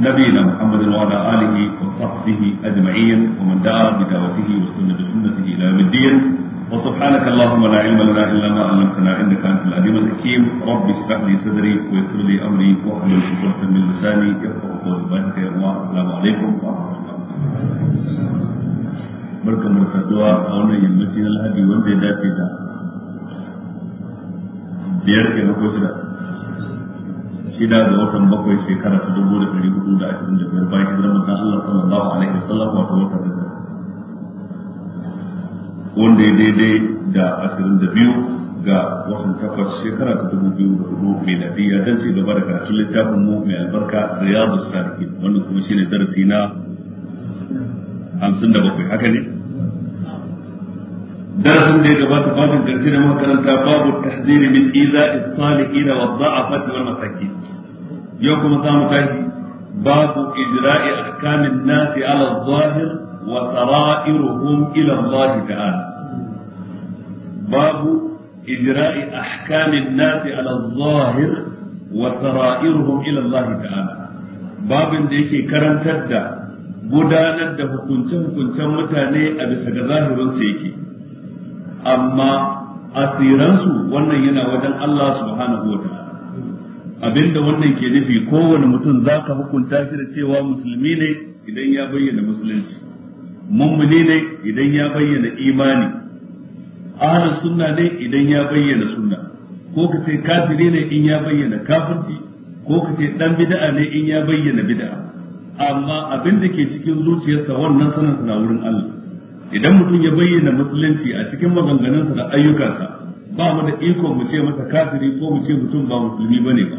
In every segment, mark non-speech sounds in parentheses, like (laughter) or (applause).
نبينا محمد وعلى آله وصحبه أجمعين ومن دعا بدعوته وسن بسنته إلى يوم الدين وسبحانك اللهم لا علم لنا إلا ما علمتنا إنك أنت العليم الحكيم رب اشرح لي صدري ويسر لي أمري واحلل عقدة من لساني يفقه قولي بارك السلام عليكم ورحمة الله barkan mu saduwa a wannan yammaci na lahadi wanda ya dace da biyar kenan ko shida shida ga watan bakwai shekara ta dubu da ɗari hudu da ashirin da biyar bayan hijirar manzon Allah sallallahu alaihi wasallam wato wata da wanda ya daidai da ashirin da biyu ga watan takwas shekara ta dubu biyu da hudu miladiyya dan ci gaba da karatun littafin mu mai albarka riyadu sarki wannan kuma shine darasi na hamsin da bakwai haka ne darasin da ya gabata babin karshe da muka karanta babu tahdiri min iza salihin wa dha'afati wal masakin yau kuma za mu tashi babu ijra'i ahkamin nasi ala zahir wa sara'iruhum ila Allah ta'ala babu ijra'i ahkamin nasi ala zahir wa sara'iruhum ila Allah ta'ala babin da yake karantar da gudanar da hukunce-hukuncen mutane a bisa ga zahirinsu yake amma asiransu wannan yana wajen Allah subhanahu wa ta'ala abinda wannan ke nufi kowane mutum za ka hukunta shi da cewa musulmi ne idan ya bayyana musulunci mummuni ne idan ya bayyana imani ahlus sunna ne idan ya bayyana sunna ko ka ce kafiri ne in ya bayyana kafirci ko ka ce dan bid'a ne in ya bayyana bida'a. amma abin da ke cikin zuciyarsa wannan sanin na wurin Allah idan mutum ya bayyana musulunci a cikin maganganunsa da ayyukansa ba mu da iko mu ce masa kafiri ko mu ce mutum ba musulmi bane ba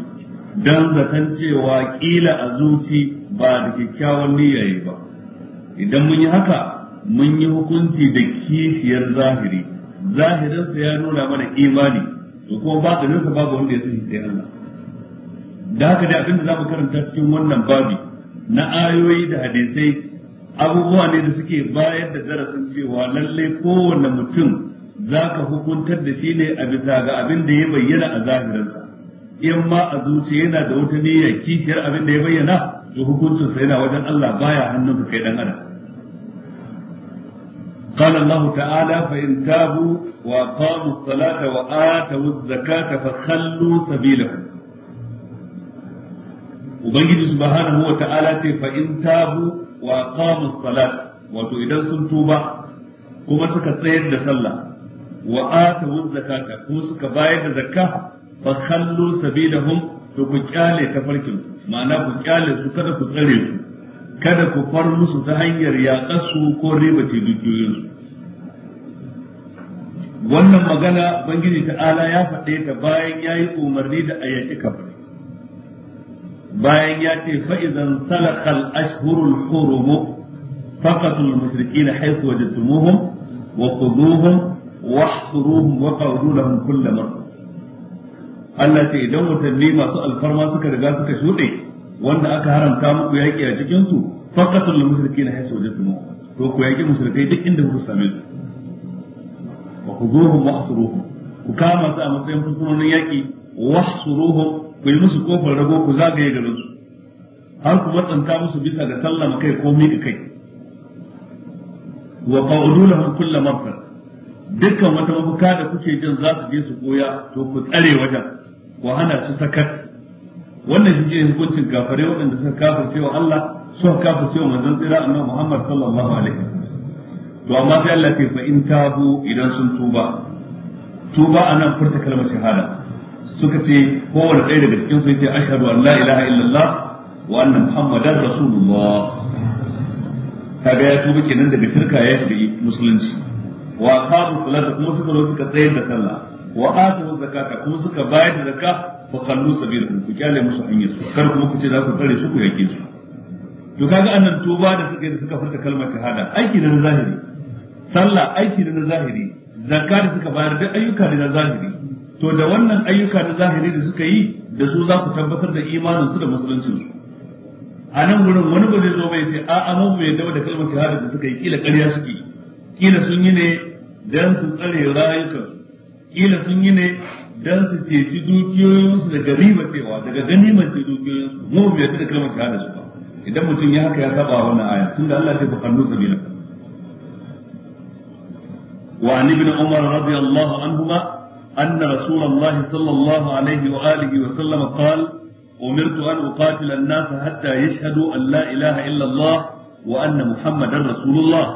dan zaton cewa kila a zuci ba da kyakkyawan niyyaye ba idan mun yi haka mun yi hukunci da kishiyar zahiri zahirinsa ya nuna mana imani to kuma batininsa babu wanda ya sani sai Allah da haka da abinda za mu karanta cikin wannan babi na ayoyi da hadisai abubuwa ne da suke bayar da darasin cewa lallai kowanne mutum za ka hukuntar da shi ne a bisa ga abin da ya bayyana a zahirinsa in ma a zuciya yana da wata niyya kishiyar abin da ya bayyana to hukuncin sa yana wajen Allah baya hannun ka kai dan adam قال الله تعالى فإن تابوا وأقاموا الصلاة وآتوا الزكاة فخلوا سبيلهم ubangiji subhanahu wa ta'ala ce fa in wa qamu salat wato idan sun tuba kuma suka tsayar da sallah wa atawu zakata kuma suka bayar da zakka fa khallu sabilahum da ku kyale tafarkin ma'ana ku kyale su kada ku tsare su kada ku far musu ta hanyar yaƙar su ko riba ce dukiyoyinsu wannan magana bangiji ta'ala ya faɗe ta bayan ya yi umarni da a yaƙi bayan ya ce fa'izan salakal ashhurul hurumu faqatul mushrikina haythu wajadtumuhum wa quduhum wahsuruhum wa qawlu lahum kull marsa Allah ce idan watanni masu alfarma suka riga suka shuɗe wanda aka haramta muku yaƙi a cikin su na mushrikeena wajen wajadtum to ku yaƙi mushrikai duk inda kuka same su wa khuduhum wahsuruhum ku kama su a matsayin fursunonin yaƙi wahsuruhum ku yi musu kofar rago ku zagaye garin su har ku matsanta musu bisa ga sallama kai ko miƙa kai wa qawlu lahum kull marsa dukkan wata mafuka da kuke jin za su je su koya to ku tsare wajen ku hana su sakat wannan shi ne hukuncin gafare waɗanda suka kafa cewa Allah suka kafirce wa manzon tsira annabi Muhammad sallallahu alaihi wasallam to amma sai Allah ce fa in tabu idan sun tuba tuba anan furta kalmar shahada suka ce kowane ɗaya daga cikin su yace ashhadu an la ilaha illallah wa anna muhammadar rasulullah kaga ya tuba kenan daga shirka ya shiga musulunci wa qamu salata kuma suka zo suka tsayar da sallah wa atu zakata kuma suka bayar da zakka fa kallu sabilahum ku kyale musu hanyar su kar kuma ku ce za ku tsare su ku yake su to kaga annan tuba da suka yi da suka furta kalmar shahada aiki na zahiri sallah aiki na zahiri zakka da suka bayar da ayyuka na zahiri to da wannan ayyuka na zahiri da suka yi da su za ku tabbatar da imanin su da musuluncin su a nan gurin wani ba zai zo bai ce a a mu bai dawo da kalmar shahada da suka yi kila ƙarya suke kila sun yi ne dan su tsare rayukan kila sun yi ne dan su ceci dukiyoyinsu daga riba cewa daga ganiman ce dukiyoyinsu mu bai da kalmar shahada su ba idan mutum ya haka ya saba wannan aya tunda Allah ce fa kallu sabila wa an ibn umar radiyallahu anhuma أن رسول الله صلى الله عليه وآله وسلم قال أمرت أن أقاتل الناس حتى يشهدوا أن لا إله إلا الله وأن محمدا رسول الله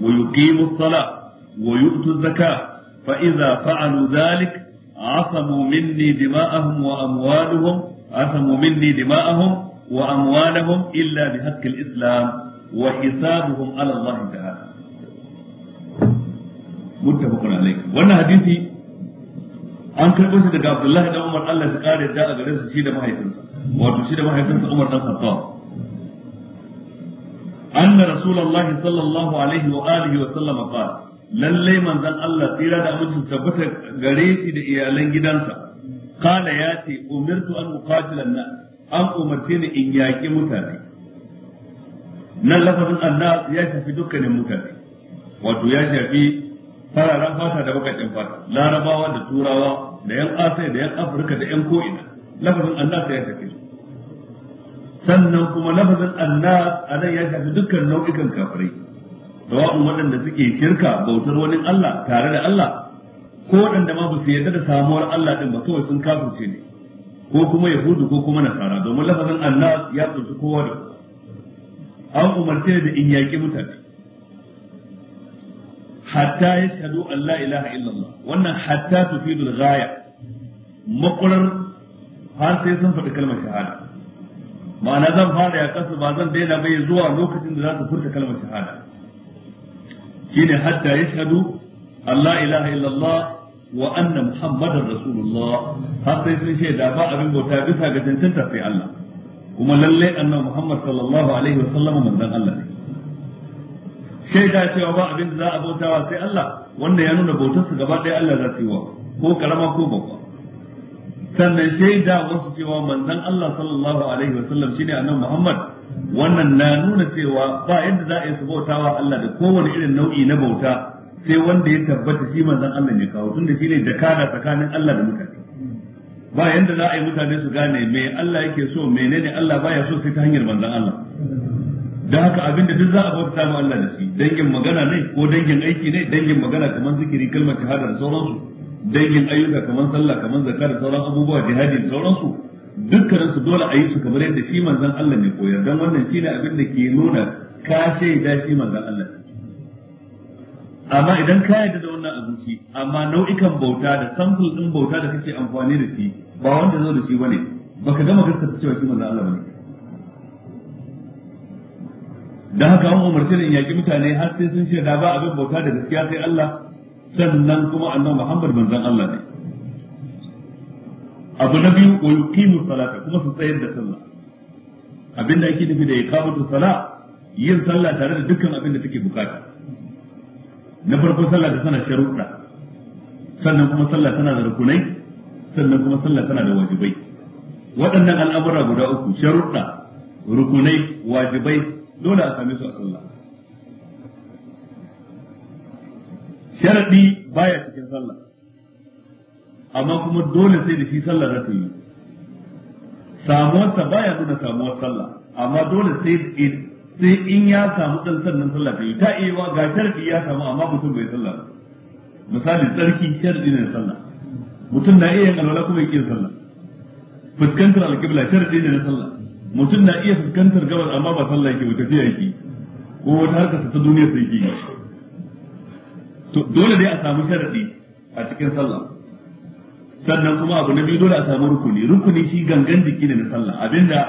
ويقيموا الصلاة ويؤتوا الزكاة فإذا فعلوا ذلك عصموا مني دماءهم وأموالهم عصموا مني دماءهم وأموالهم إلا بحق الإسلام وحسابهم على الله تعالى متفق عليه وأن حديثي an karɓo shi daga Abdullahi dan Umar Allah shi kare da a garin su shi da mahaifinsa wato shi da mahaifinsa Umar dan Khattab anna rasulullahi sallallahu alaihi wa alihi wa sallam qala lalle manzon Allah tsira da aminci tabbata gare shi da iyalan gidansa kana ya ce umirtu an uqatila na an umarce ni in yaki mutane nan lafazin annas ya shafi dukkanin mutane wato ya shafi fararen fata da bakakken fata larabawa da turawa da yan asiya da yan afirka da yan ko'ina lafazin annas ya shafi sannan kuma lafazin annas nan ya shafi dukkan nau'ikan kafirai sawa'un waɗanda suke shirka bautar wani Allah tare da Allah ko waɗanda ma ba su yarda da samuwar Allah din ba kawai sun kafirce ne ko kuma yahudu ko kuma nasara domin lafazin annas ya kunshi kowa da an umarce da in yaƙi mutane hatta yashhadu an la ilaha illallah wannan hatta tufidul ghaya makular har sai sun faɗi kalmar shahada ma'ana zan fara ya kasu ba zan daina bai zuwa lokacin da za su furta kalmar shahada Shi ne hatta shahadu Allah ilaha illallah wa anna muhammadar rasulullah har sai sun shaida ba abin bauta bisa ga cancanta sai Allah kuma lalle annabi muhammad sallallahu alaihi wasallam manzon Allah ne shaida cewa ba abin da za a bautawa sai Allah wanda ya nuna bautarsa gaba ɗaya Allah za su yi wa ko karama ko babba sannan shaida wasu cewa manzon Allah sallallahu alaihi wasallam shine annabi Muhammad wannan na nuna cewa ba yadda za a yi bautawa Allah da kowane irin nau'i na bauta sai wanda ya tabbata shi manzon Allah ne kawo tunda shine jakada tsakanin Allah da mutane ba yadda za a yi mutane su gane me Allah yake so menene Allah baya so sai ta hanyar manzon Allah Da haka abin da duk za a bauta ma Allah da shi dangin magana ne ko dangin aiki ne dangin magana kamar zikiri kalmar shahada da sauransu dangin ayyuka kamar sallah kamar zakka da sauran abubuwa jihadi da sauransu dukkanin su dole a yi su kamar yadda shi manzon Allah ne koyar dan wannan shine abin da ke nuna ka shaida shi manzon Allah amma idan ka yadda da wannan abinci amma nau'ikan bauta da sample din bauta da kake amfani da shi ba wanda zo da shi bane baka gama gaskata cewa shi manzon Allah bane dan haka an umarci da in yaki mutane har sai sun shaida ba abin bauta da gaskiya sai Allah sannan kuma annabi Muhammad manzon Allah ne abu na biyu wa yuqimu salata kuma su tsayar da sallah abinda ake nufi da iqamatu salah yin sallah tare da dukkan abin da suke bukata na farko sallah tana sharuɗa sannan kuma sallah tana da rukunai sannan kuma sallah tana da wajibai waɗannan al'amura guda uku sharuɗa rukunai wajibai dole a same su a sallah sharadi baya cikin sallah amma kuma dole sai da shi sallah za ta yi samuwarsa baya nuna samuwar sallah amma dole sai sai in ya samu dan sannan sallah ta yi ta iya ga sharadi ya samu amma mutum bai sallah ba misali tsarki sharadi ne sallah mutum na iya yin alwala kuma yake sallah fuskantar alƙibla sharadi ne na sallah mutum na iya fuskantar gabar amma ba sallah yake ba tafiya yake ko wata harkar ta duniya sai yake to dole ne a samu sharadi a cikin sallah sannan kuma abu na biyu dole a samu rukuni rukuni shi gangan jiki ne na sallah abinda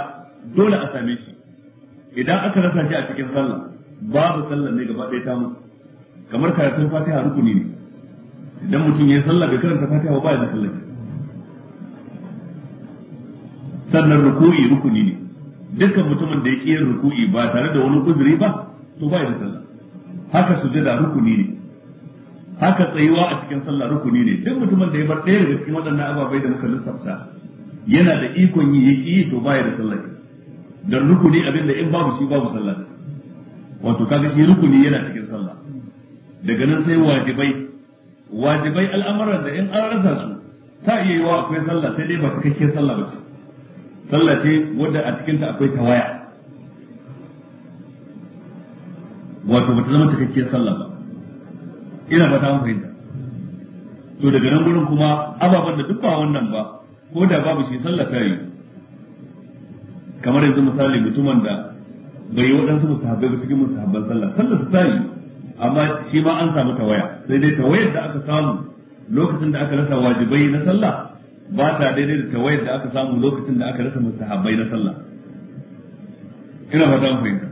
dole a same shi idan aka rasa shi a cikin sallah babu sallah ne gaba ɗaya ta kamar karatun fatiha rukuni ne idan mutum ya sallah bai karanta fatiha ba ya da sallah sannan ruku'i rukuni ne dukkan mutumin da ya ƙiyar ruku'i ba tare da wani uzuri ba to ba ya da sallah haka sujada rukuni ne haka tsayuwa a cikin sallah rukuni ne duk mutumin da ya bar ɗaya daga cikin waɗannan ababai da muka lissafta yana da ikon yi ya yi to baya da sallah da rukuni abin da in babu shi babu sallah wato kaga shi rukuni yana cikin sallah daga nan sai wajibai wajibai al'amuran da in an rasa su ta iya yiwa akwai sallah sai dai ba cikakken sallah ba ce sallah ce wadda a cikinta akwai tawaya wato ba ta zama cikakken sallah ba ina ba ta fahimta to daga nan gurin kuma ababen da duk ba wannan ba ko da babu shi sallah ta yi kamar yanzu misali mutumin da bai yi waɗansu musahabbai ba cikin musahabban sallah sallah su ta yi amma shi ma an samu tawaya sai dai tawayar da aka samu lokacin da aka rasa wajibai na sallah ba ta daidai da tawayar da aka samu lokacin da aka rasa musahabbai na sallah ina ba ta fahimta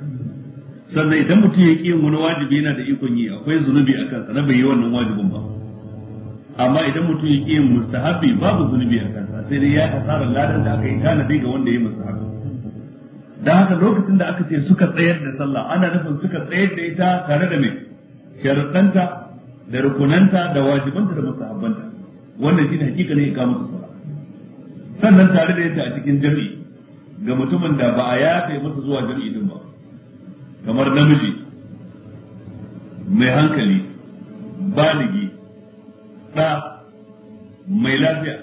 sannan idan mutum ya ƙi wani wajibi yana da ikon yi akwai zunubi a kansa na bai yi wannan wajibin ba amma idan mutum ya ƙi yin mustahabi babu zunubi a kansa sai dai ya kasara ladan da aka yi tanadi ga wanda ya yi mustahabi dan haka lokacin da aka ce suka tsayar da sallah ana nufin suka tsayar da ita tare da mai sharuɗanta da rukunanta da wajibanta da mustahabbanta wannan shine kama da sallah sannan tare da yadda a cikin jami'i ga mutumin da ba a yafe masa zuwa jami'i din ba kamar namiji mai hankali baligi ɗa mai lafiya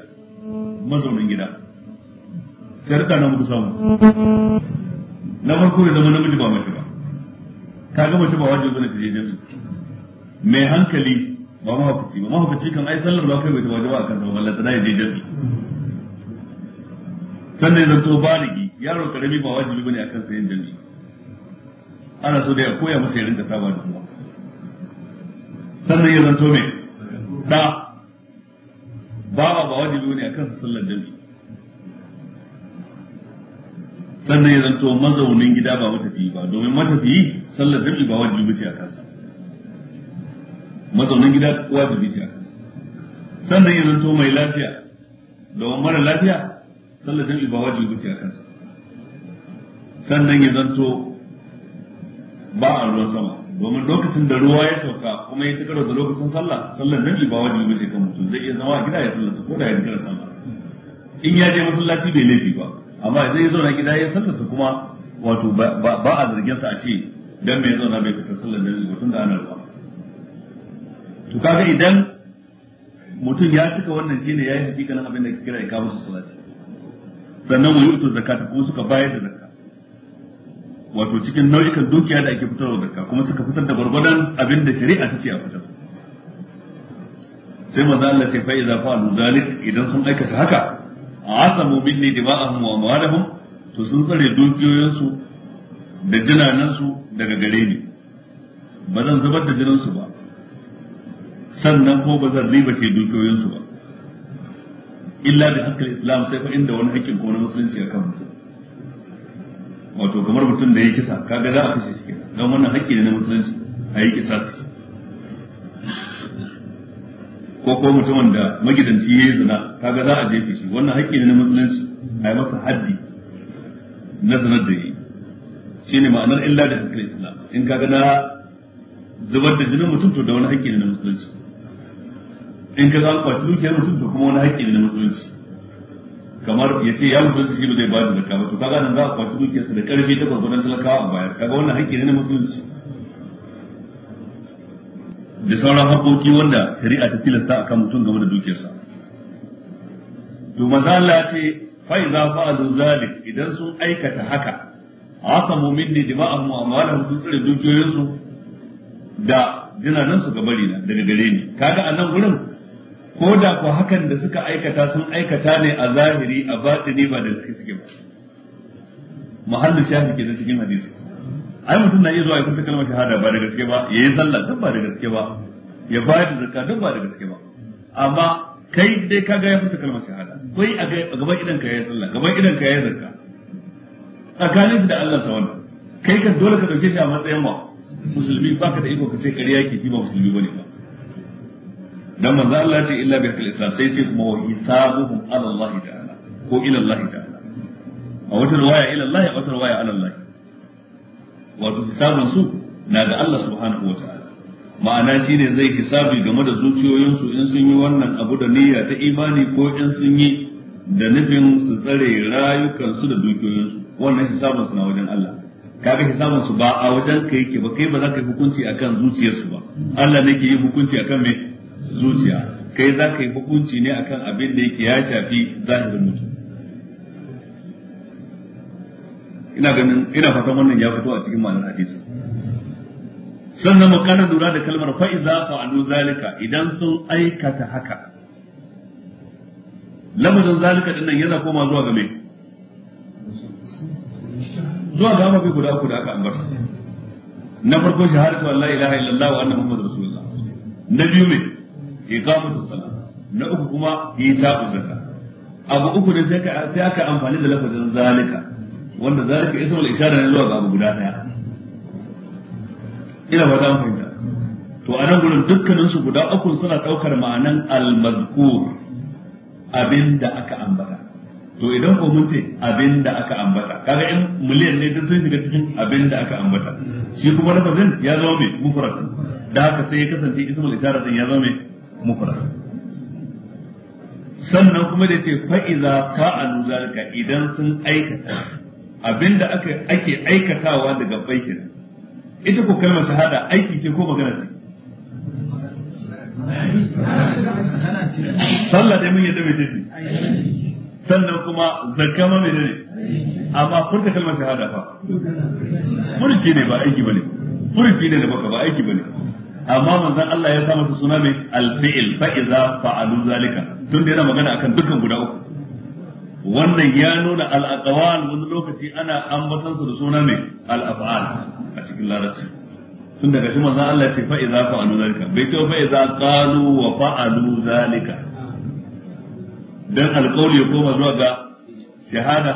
mazaunin gida sharta na muka samu na farko ya zama namiji ba mace ba ka ga mace ba wajen zana ta je mai hankali ba mahaukaci ba mahaukaci kan ai sallar ba kai bai ba a kan zama lantana ya je jami. sannan ya zanto baligi yaro karami ba wajibi bane akan sa yin jami'i ana so da ya koya masa yarin da saba da kuma sannan ya zanto mai da bawa ba wajibi ne a kansa sallar jami'i sannan ya zanto mazaunin gida ba matafiyi ba domin matafiyi sallar jami'i ba wajibi ce a kansa mazaunin gida wajibi ce a kansa sannan ya zanto mai lafiya domin mara lafiya sallar jami'i ba wajibi ce a kansa sannan ya zanto ba a ruwan sama domin lokacin da ruwa ya sauka kuma ya ci karo da lokacin sallah sallar nan ba wajibi ba ce kan mutum zai iya zama a gida ya su, ko da ya ji karo sallah in ya je masallaci bai laifi ba amma zai iya zauna gida ya sallarsa kuma wato ba a zargin sa a ce dan mai zauna bai fita sallar nan ba tun da ana ruwa to kaga idan mutum ya cika wannan shine yayi hakikanin abin da kira ya su salati sannan wa yu'tu zakata kuma suka bayar da zakata wato cikin nau'ikan dukiya da ake fitarwa zakka kuma suka fitar da gwargwadon abin da shari'a ta ce a fitar sai manzo Allah ce fa'iza fa'alu zalik idan sun aikata haka asamu minni dima'ahum wa amwalahum to sun tsare dukiyoyinsu da jinanansu daga gare ni ba zan zubar da jinansu ba sannan ko ba zan riba ce dukiyoyinsu ba illa da hakkar islam sai fa inda wani hakkin ko na musulunci kan mutum wato kamar mutum da ya kisa kaga za a kashe shi kenan don wannan haƙƙi ne na musulunci a yi kisa su ko ko mutumin da magidanci ya yi zina kaga za a jefe shi wannan haƙƙi ne na musulunci a yi masa haddi na zinar da yi shi ne ma'anar illa da haƙƙin islam in kaga na zubar da jinin mutum to da wani haƙƙi ne na musulunci in kaga an kwashi dukiyar mutum to kuma wani haƙƙi ne na musulunci kamar ya ce ya musulunci shi ba zai ba da zakka ba to kaga nan za a kwaci dukiyarsa da karfi ta gwargwadon talakawa a bayar kaga wannan haƙƙi ne na musulunci da sauran haƙoƙi wanda shari'a ta tilasta akan mutum game da dukiyarsa to maza Allah ce fa iza fa'alu zalik idan sun aikata haka asamu minni dima'ahum wa amwalahum sun tsare dukiyoyinsu da jinanansu ga bari na daga gare ni kaga a nan gurin ko da ku hakan da suka aikata sun aikata ne a zahiri a batini ba da suke suke ba muhallin shafi ke da cikin hadisi ai mutum na iya zuwa ya kusa kalmar shahada ba da gaske ba ya yi sallah duk ba da gaske ba ya bayar da zakka duk ba da gaske ba amma kai dai ka ya kusa kalmar shahada kai a gaban idan ka yi sallah gaban idan ka yi zakka tsakanin su da Allah sa wannan kai ka dole ka dauke shi a matsayin ba musulmi ba ka da iko ka ce kariya ke shi ba musulmi bane ba dan manzo Allah ce illa bi hakil islam sai ce kuma wa hisabuhum ala Allah ta'ala ko ila Allah ta'ala a wata riwaya ila Allah a wata riwaya ala Allah wato hisabun su na ga Allah subhanahu wa ta'ala ma'ana shine zai hisabi game da zuciyoyinsu in sun yi wannan abu da niyya ta imani ko in sun yi da nufin su tsare rayukansu da su wannan hisabun su na wajen Allah kaga hisabun su ba a wajen kai ke ba kai ba za ka yi hukunci akan zuciyarsu ba Allah ne ke yi hukunci akan me zuciya kai za ka yi hukunci ne akan abin da yake ya shafi zahirin mutum ina ganin ina fatan wannan ya fito a cikin ma'anar hadisi sannan mu kana lura da kalmar fa iza fa'alu zalika idan sun aikata haka lamarin zalika din nan yana koma zuwa ga me zuwa ga mafi guda uku da aka ambata na farko shahadatu an la ilaha illallah wa anna muhammadur rasulullah na biyu me iqamatu salat na uku kuma ita'u zakat abu uku ne sai ka sai aka amfani da lafazin zalika wanda zalika ismul ishara ne zuwa ga abu guda daya ina ba ta fahimta to a nan gurin dukkanin su guda uku suna daukar ma'anan al-mazkur abinda aka ambata to idan ko mun ce abinda aka ambata kaga in miliyan ne duk sun shiga cikin abinda aka ambata shi kuma lafazin ya zama mai mufrad da haka sai ya kasance ismul ishara din ya zama mai mufrad sannan kuma da ce fa'iza a zalika idan sun aikata abinda ake aikatawa daga baikin ita ko kalmar shahada aiki ce ko magana ce sallah dai mun yadda mai ce sannan kuma zakka ma mai ne amma furta kalmar shahada fa furci ne ba aiki bane furci ne da baka ba aiki bane amma manzon Allah ya sa masa suna mai alfi'il fil fa iza fa'alu zalika tun da yana magana akan dukkan guda uku wannan ya nuna al-aqwal wani lokaci ana ambatan su da suna mai al-af'al a cikin larabci tun daga shi manzon Allah ya ce fa iza fa'alu zalika bai ce fa iza qalu wa fa'alu zalika dan alqawli ya koma zuwa ga shahada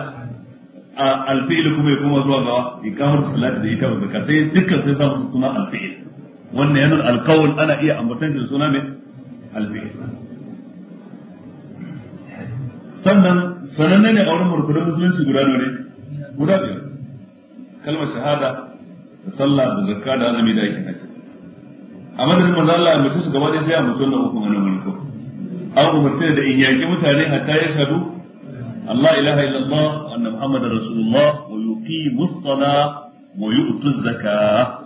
alfi'il kuma ya koma zuwa ga ikamar salati da ita wa zakat sai dukkan sai sa musu suna alfi'il wannan yanar alkawul ana iya ambatan shi da suna mai alfi'il sannan sananne ne a wurin murkudan musulunci guda ne guda biyar kalmar shahada da sallah da zakka da azumi da aikin haji a madadin manzo Allah ya mutu gaba ɗaya sai a mutu wannan uku wannan mulko an umarce da in yaki mutane hatta ya shahadu Allah ilaha illallah anna muhammadar rasulullah wa yuqimus salah wa yu'tuz zakah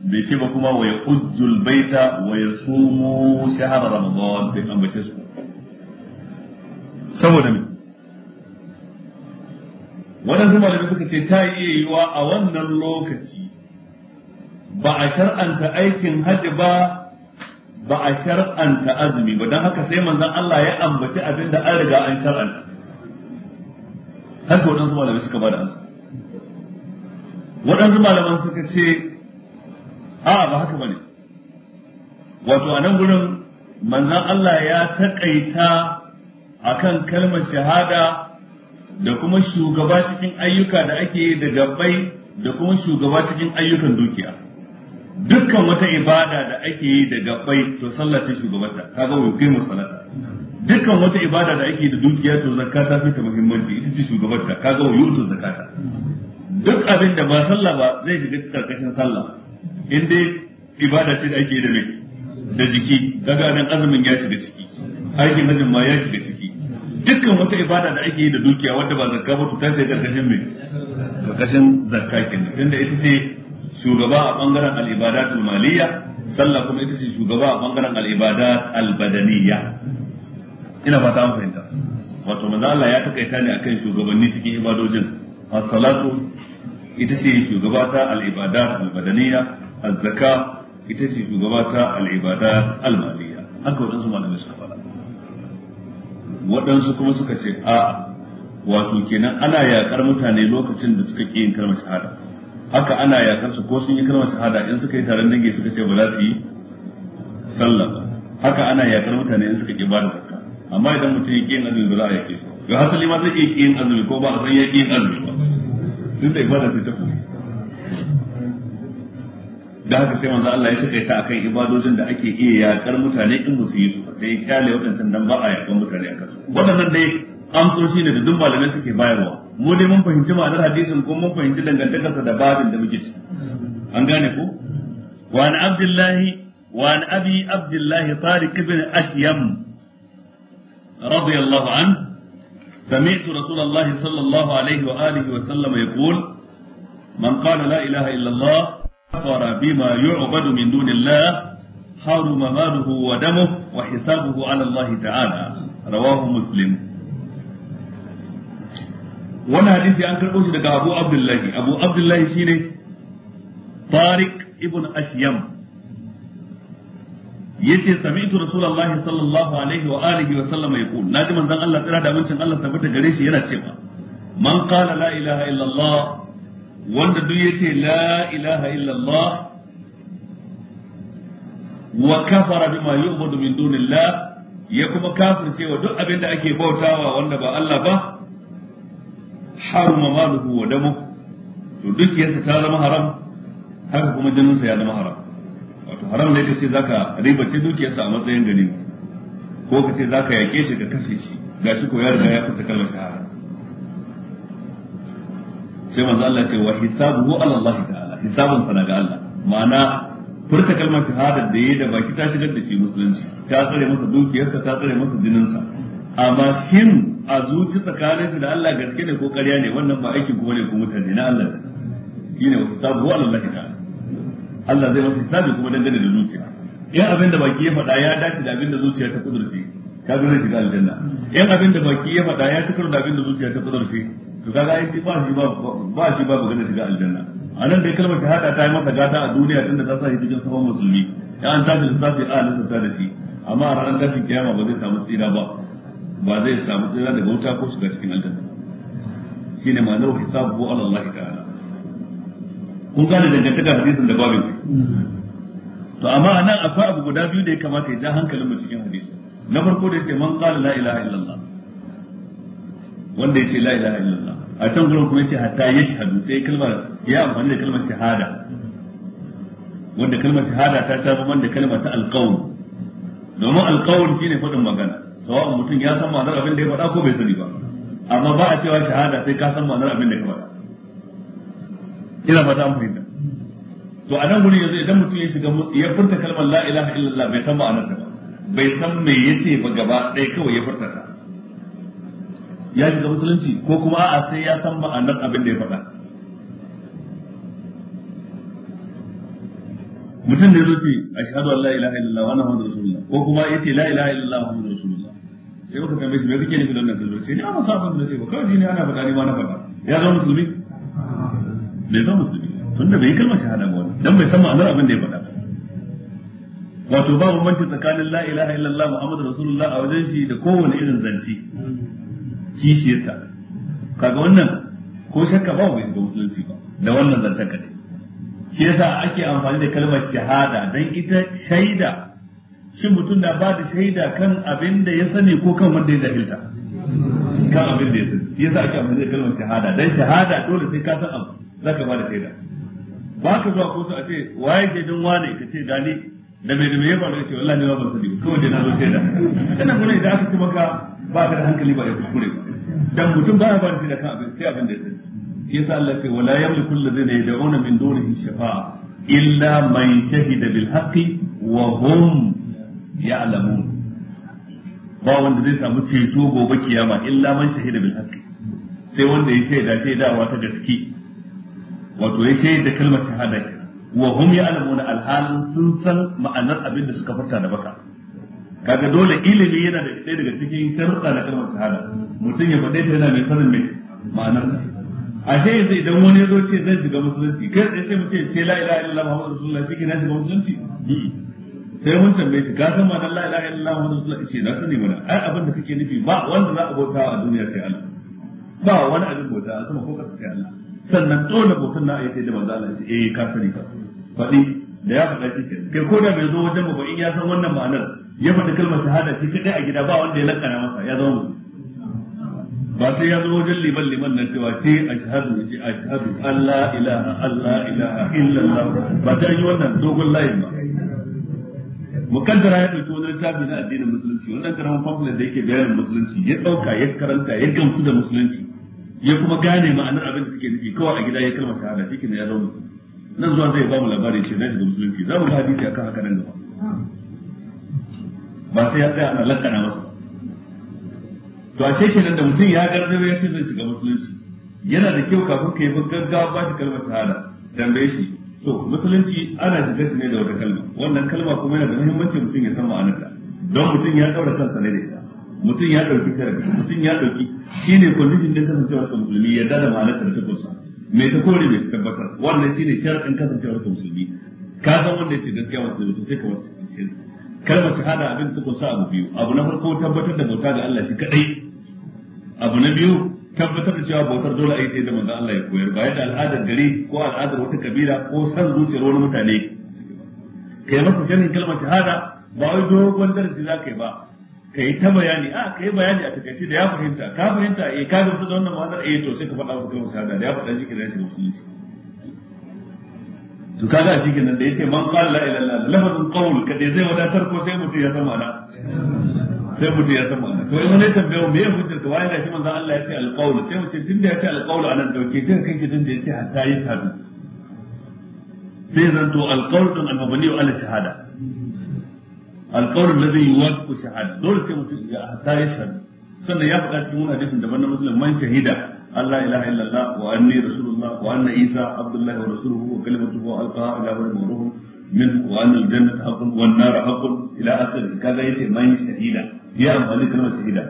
bai ce ba kuma wa yaqudul baita wa yasumu shahra ramadan bai ambace su saboda me waɗansu malamai suka ce ta iya yiwa a wannan lokaci ba a shar'anta aikin hajji ba ba a shar'anta azumi ba don haka sai manzon Allah ya ambaci abin da an riga an shar'anta haka waɗansu malamai suka ba da azumi. waɗansu malaman suka ce a ba haka bane wato a nan gurin manzan Allah ya taƙaita kan kalmar shahada da kuma shugaba cikin ayyuka da ake yi da gabbai da kuma shugaba cikin ayyukan dukiya dukkan wata ibada da ake yi da gabbai to sallah ce shugabanta kaga ga kai musallata dukkan wata ibada da ake yi da dukiya to zakka ta fi ta muhimmanci ita ce shugabanta ka wa yutu zakata duk abin da ba sallah ba zai shiga karkashin sallah in dai ibada ce da ake da mai da jiki daga nan azumin ya shiga ciki aikin hajjin ma ya shiga ciki dukkan wata ibada da ake yi da dukiya wadda ba zakka ba to ta sai karkashin mai karkashin zakka kenan tunda ita ce shugaba a bangaren al-ibadatul maliyya sallah kuma ita ce shugaba a bangaren al-ibadat al-badaniyya ina fata an fahimta wato manzo Allah ya takaita ne akan shugabanni cikin ibadojin as-salatu ita ce shugabata al-ibadat al-badaniyya azzaka ita ce shugaba ta al'ibada almaliya haka waɗansu malamai suka fara waɗansu kuma suka ce a wato kenan ana yakar mutane lokacin da suka ƙi yin kalmar shahada haka ana yakar su ko sun yi kalmar shahada in suka yi taron dangi suka ce ba za su yi sallah ba haka ana yakar mutane in suka ƙi ba da zakka amma idan mutum ya ƙi yin azumi ba za a yake shi ga hasali ma zai iya ƙi yin azumi ko ba a san ya ƙi yin azumi ba sun da ibada ce ta koyi da haka sai manzo Allah ya takaita akan ibadojin da ake iya yakar mutane in musu yi su sai ya kyale waɗancan dan ba a yakan mutane akan su waɗannan dai amsoshi ne da duk malamai suke bayarwa mu dai mun fahimci ma'anar hadisin ko mun fahimci dangantakarsa da babin da muke ciki an gane ko wa an abdullahi wa an abi abdullahi tariq ibn ashyam radiyallahu an سمعت رسول الله صلى الله عليه وآله وسلم يقول من قال لا إله إلا الله كفر بما يعبد من دون الله حرم ماله ودمه وحسابه على الله تعالى رواه مسلم وانا حديثي عن كربوش عبد الله عبد الله شيني طارق ابن yace sami'tu rasulullah sallallahu alaihi wa alihi wa sallama yaqul naji manzon Allah tsira da mincin Allah tabbata gare shi yana cewa man qala la ilaha illallah wanda duk yace la ilaha illallah wa kafara bima yu'budu min dunillah ya kuma kafir cewa duk abin da ake bautawa wanda ba Allah ba haruma maluhu wa damu to dukiyarsa ta zama haram haka kuma sa ya zama haram wato haram ne kace zaka duk dukiyarsa a matsayin gani ko kace zaka yake shi ka kashe shi gashi ko ya riga ya fita kallon shahada sai manzo Allah ce wa hisabuhu ala Allah ta'ala hisabun sana ga Allah ma'ana furta kalmar shahada da yayi da baki ta shigar da shi musulunci ta tsare masa dukiyarsa ta tsare masa jininsa amma shin a zuci tsakanin shi da Allah gaske ne ko ƙarya ne wannan ba aikin kuma ne ko mutane na Allah shine wa hisabuhu ala Allah ta'ala Allah zai masa hisabi kuma dangane da zuciya in abin da baki ya faɗa ya dace da abin da zuciya ta kudurce kaga zai shiga aljanna in abin da baki ya faɗa ya tukar da abin da zuciya ta kudurce to kaga ai shi ba shi ba ba shi ba magana shiga aljanna a nan dai kalmar shahada ta yi masa gata a duniya tunda ta sa shi cikin safan musulmi ya an tafi da safi a lissafta da shi amma a ranar tashin kiyama ba zai samu tsira ba ba zai samu tsira daga wuta ko shiga cikin aljanna shine ma'anar hisabu ala Allah ta'ala kun gane dangantaka hadisin da babin to amma anan akwai abu guda biyu da ya kamata ya ja hankalin mu cikin hadisi na farko da yace man qala la ilaha illallah wanda yace la ilaha illallah a can gurin kuma yace hatta shahadu sai kalmar ya amfani da kalmar shahada wanda kalmar shahada ta sha ban da kalmar ta alqawl domin alqawl shine fadin magana Sawa mutum ya san ma'anar abin da ya faɗa ko bai sani ba amma ba a cewa shahada sai ka san ma'anar abin da ka faɗa ina fata an fahimta to a nan gurin yanzu idan mutum ya shiga ya furta kalmar la ilaha illallah bai san ma'anar ta ba bai san me yace ba gaba ɗaya kawai ya furta ta ya shiga musulunci ko kuma a'a sai ya san ma'anar abin da ya faɗa mutum da ya zo ce shahadu an la ilaha illallah wa muhammadur rasulullah ko kuma ce la ilaha illallah wa muhammadur rasulullah sai kuka tambaye shi me kake nufi da wannan sallah sai ni amma abin da ce ba kawai ne ana faɗa ni ma na faɗa ya zama musulmi bai zama musulmi tunda bai kalmar shahada ba wannan dan bai san ma'anar abin da ya faɗa wato ba bambanci tsakanin la ilaha illallah muhammadur rasulullah a wajen shi da kowane irin zance kishiyarta kaga wannan ko shakka ba bai ga musulunci ba da wannan zantar kaɗai shi yasa ake amfani da kalmar shahada don ita shaida shi mutum na ba da shaida kan abin da ya sani ko kan wanda ya jahilta kan abin da ya sani yasa ake amfani da kalmar shahada don shahada dole sai ka san abu zaka ba da shaida ba ka zuwa kotu a ce waye shaidun wane ka ce gani da mai da mai ya faru ya ce wallahi ne ba ban sani kawai dai na zo shaida ina gune idan aka ce maka ba ka da hankali ba ya kuskure dan mutum ba ya ba da kan abin sai abin da ya sani shi yasa Allah ce wala yamliku alladhina yad'una min dunihi shafa'a illa man shahida bil haqqi wa hum ya'lamun ba wanda zai samu ceto gobe kiyama illa man shahida bil haqqi sai wanda ya shaida shaidawa ta gaske wato ya shaida kalmar shahada wa hum ya'lamuna alhalin sun san ma'anar abin da suka furta da baka kaga dole ilimi yana da ɗaya daga cikin sharuɗa na kalmar shahada mutum ya faɗe ta yana mai sanin mai ma'anar ashe yanzu idan wani ya zo ce zai shiga musulunci kai tsaye sai mu ce ce la ilaha illallah muhammadu rasulullah shi ke na shiga musulunci sai mun tambaye shi ka san ma'anar la ilaha illallah muhammadu rasulullah ce na sani mana ai abin da kake nufi ba wanda za a bauta a duniya sai Allah ba wani abin bauta a sama ko ƙasa sai Allah sannan dole bautan na ayyuka da manzo Allah ce eh ka sani ka faɗi da ya faɗa cikin kai ko da bai zo wajen ba in ya san wannan ma'anar ya faɗi kalmar shahada shi kadai a gida ba wanda ya lakana masa ya zama musu. ba sai ya zo wajen liman liman na cewa ce a ya ce a shahadu Allah ilaha Allah ilaha illallah ba sai an yi wannan dogon layin ba mukaddara ya ɗauki wani littafi na addinin musulunci wani ɗan karamin pamphlet da yake bayanin musulunci ya ɗauka ya karanta ya gamsu da musulunci ya kuma gane ma'anar abin da suke nufi kawai a gida ya kalmar shahada shi ne ya zama musulunci nan zuwa zai ba mu labari ce na shiga musulunci za mu ga hadisi akan haka nan gaba ba sai ya tsaya ana lakana masa to a ce kenan da mutum ya garzaro ya ce zai shiga musulunci yana da kyau kafin ka yi gaggawa ba shi kalmar shahada tambaye shi to musulunci ana shiga shi ne da wata kalma wannan kalma kuma yana da muhimmanci mutum ya san ma'anarta don mutum ya daura kansa ne da ita mutum ya dauki sharadi mutum ya dauki shine condition din kasancewa musulmi ya da ma'anarta da ta kunsa mai ta kore mai ta tabbatar wannan shine sharadin kasancewar ka musulmi ka san wanda yace gaskiya musulmi to sai ka wasu shirka kalmar shahada abin ta sa abu biyu abu na farko tabbatar da bauta ga Allah shi kadai abu na biyu tabbatar da cewa bautar dole ai sai da manzon Allah ya koyar ba yadda al'adar gari ko al'adar wata kabila ko san zuciyar wani mutane kai masa sanin kalmar shahada ba wai dogon darasi za ka yi ba kai ta bayani a ah, kai bayani a takaice da ya fahimta ka fahimta eh ka gamsu da wannan ma'anar eh to sai ka faɗa maka kalmar shahada da ya faɗa shi kenan shi da musulunci to kaga shi kenan da yace man qala la ilaha illallah lafazin qawl kadai zai wadatar ko sai mutum ya san ma'ana sai mutum ya san ma'ana to in wani tambaye mu meye hujjar ka wai shi manzon Allah ya ce alqawl sai mu ce da ya ce alqawl anan dauke sai kai shi da ya ce hatta yi shahada sai zanto alqawl din al-mabni ala shahada alqawl alladhi yuwafiqu shahada dole sai mutum ya hatta ya shahada sannan ya faɗa cikin wani hadisin daban na muslim man shahida Allah ilaha wa anna isa abdullahi wa rasuluhu wa kalimatuhu alqaha ila bani ruhum min wa anna aljannata haqqun wa an-nar haqqun ila akhir kaga yace man shahida ya amfani kalmar shahida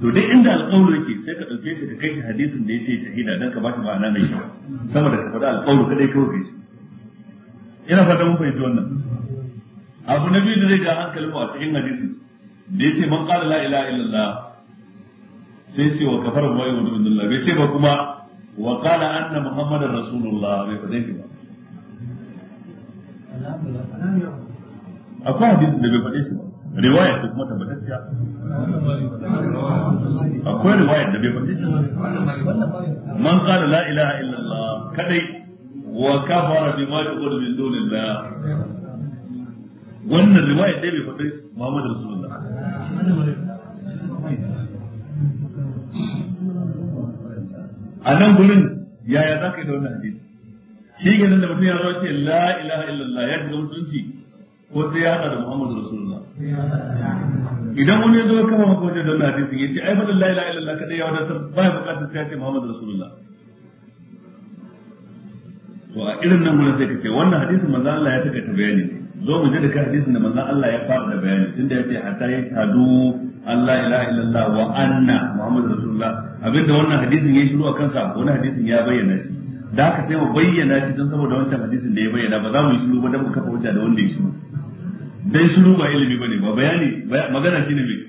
to duk inda alƙawar yake sai ka ɗauke shi ka kai shi hadisin da ya ce shahida don ka ba shi ma'ana mai kyau sama da ka faɗi kaɗai kawai kai shi ina wannan abu na biyu da zai ja hankalin a cikin hadisi da yace man qala la ilaha illallah sai sai wa kafara wa yu'minu billah bai ce ba kuma wa qala anna muhammadar rasulullah bai fade shi ba akwai hadisi da bai fade shi ba riwaya ce kuma tabbatacciya akwai riwaya da bai fade shi ba man qala la ilaha illallah kadai wa kafara bima yu'minu billah wannan riwaya dai bai faɗi Muhammad Rasulullah a nan gurin yaya za ka yi da wannan hadisi shi ke da mutum ya zo ce la ilaha illallah ya shiga mutunci ko sai ya haɗa da Muhammad Rasulullah idan wani ya zo kama maka wajen da wannan hadisi ya ce ai faɗin la ilaha illallah kaɗai ya wadatar ba ya buƙatar sai ya ce Muhammad Rasulullah to a irin nan gurin sai ka ce wannan hadisin manzo Allah ya taka ta bayani ne zo mu je da kan hadisin da manzon Allah ya fara da bayani tunda yace hatta yashhadu Allah ilaha illallah wa anna muhammadur rasulullah abinda wannan hadisin ya shiru a kansa wani hadisin ya bayyana shi da aka sai mu bayyana shi don saboda wancan hadisin da ya bayyana ba za mu yi shiru ba dan mu kafa wuta da wanda ya shiru dan shiru ba ilimi bane ba bayani magana shine mai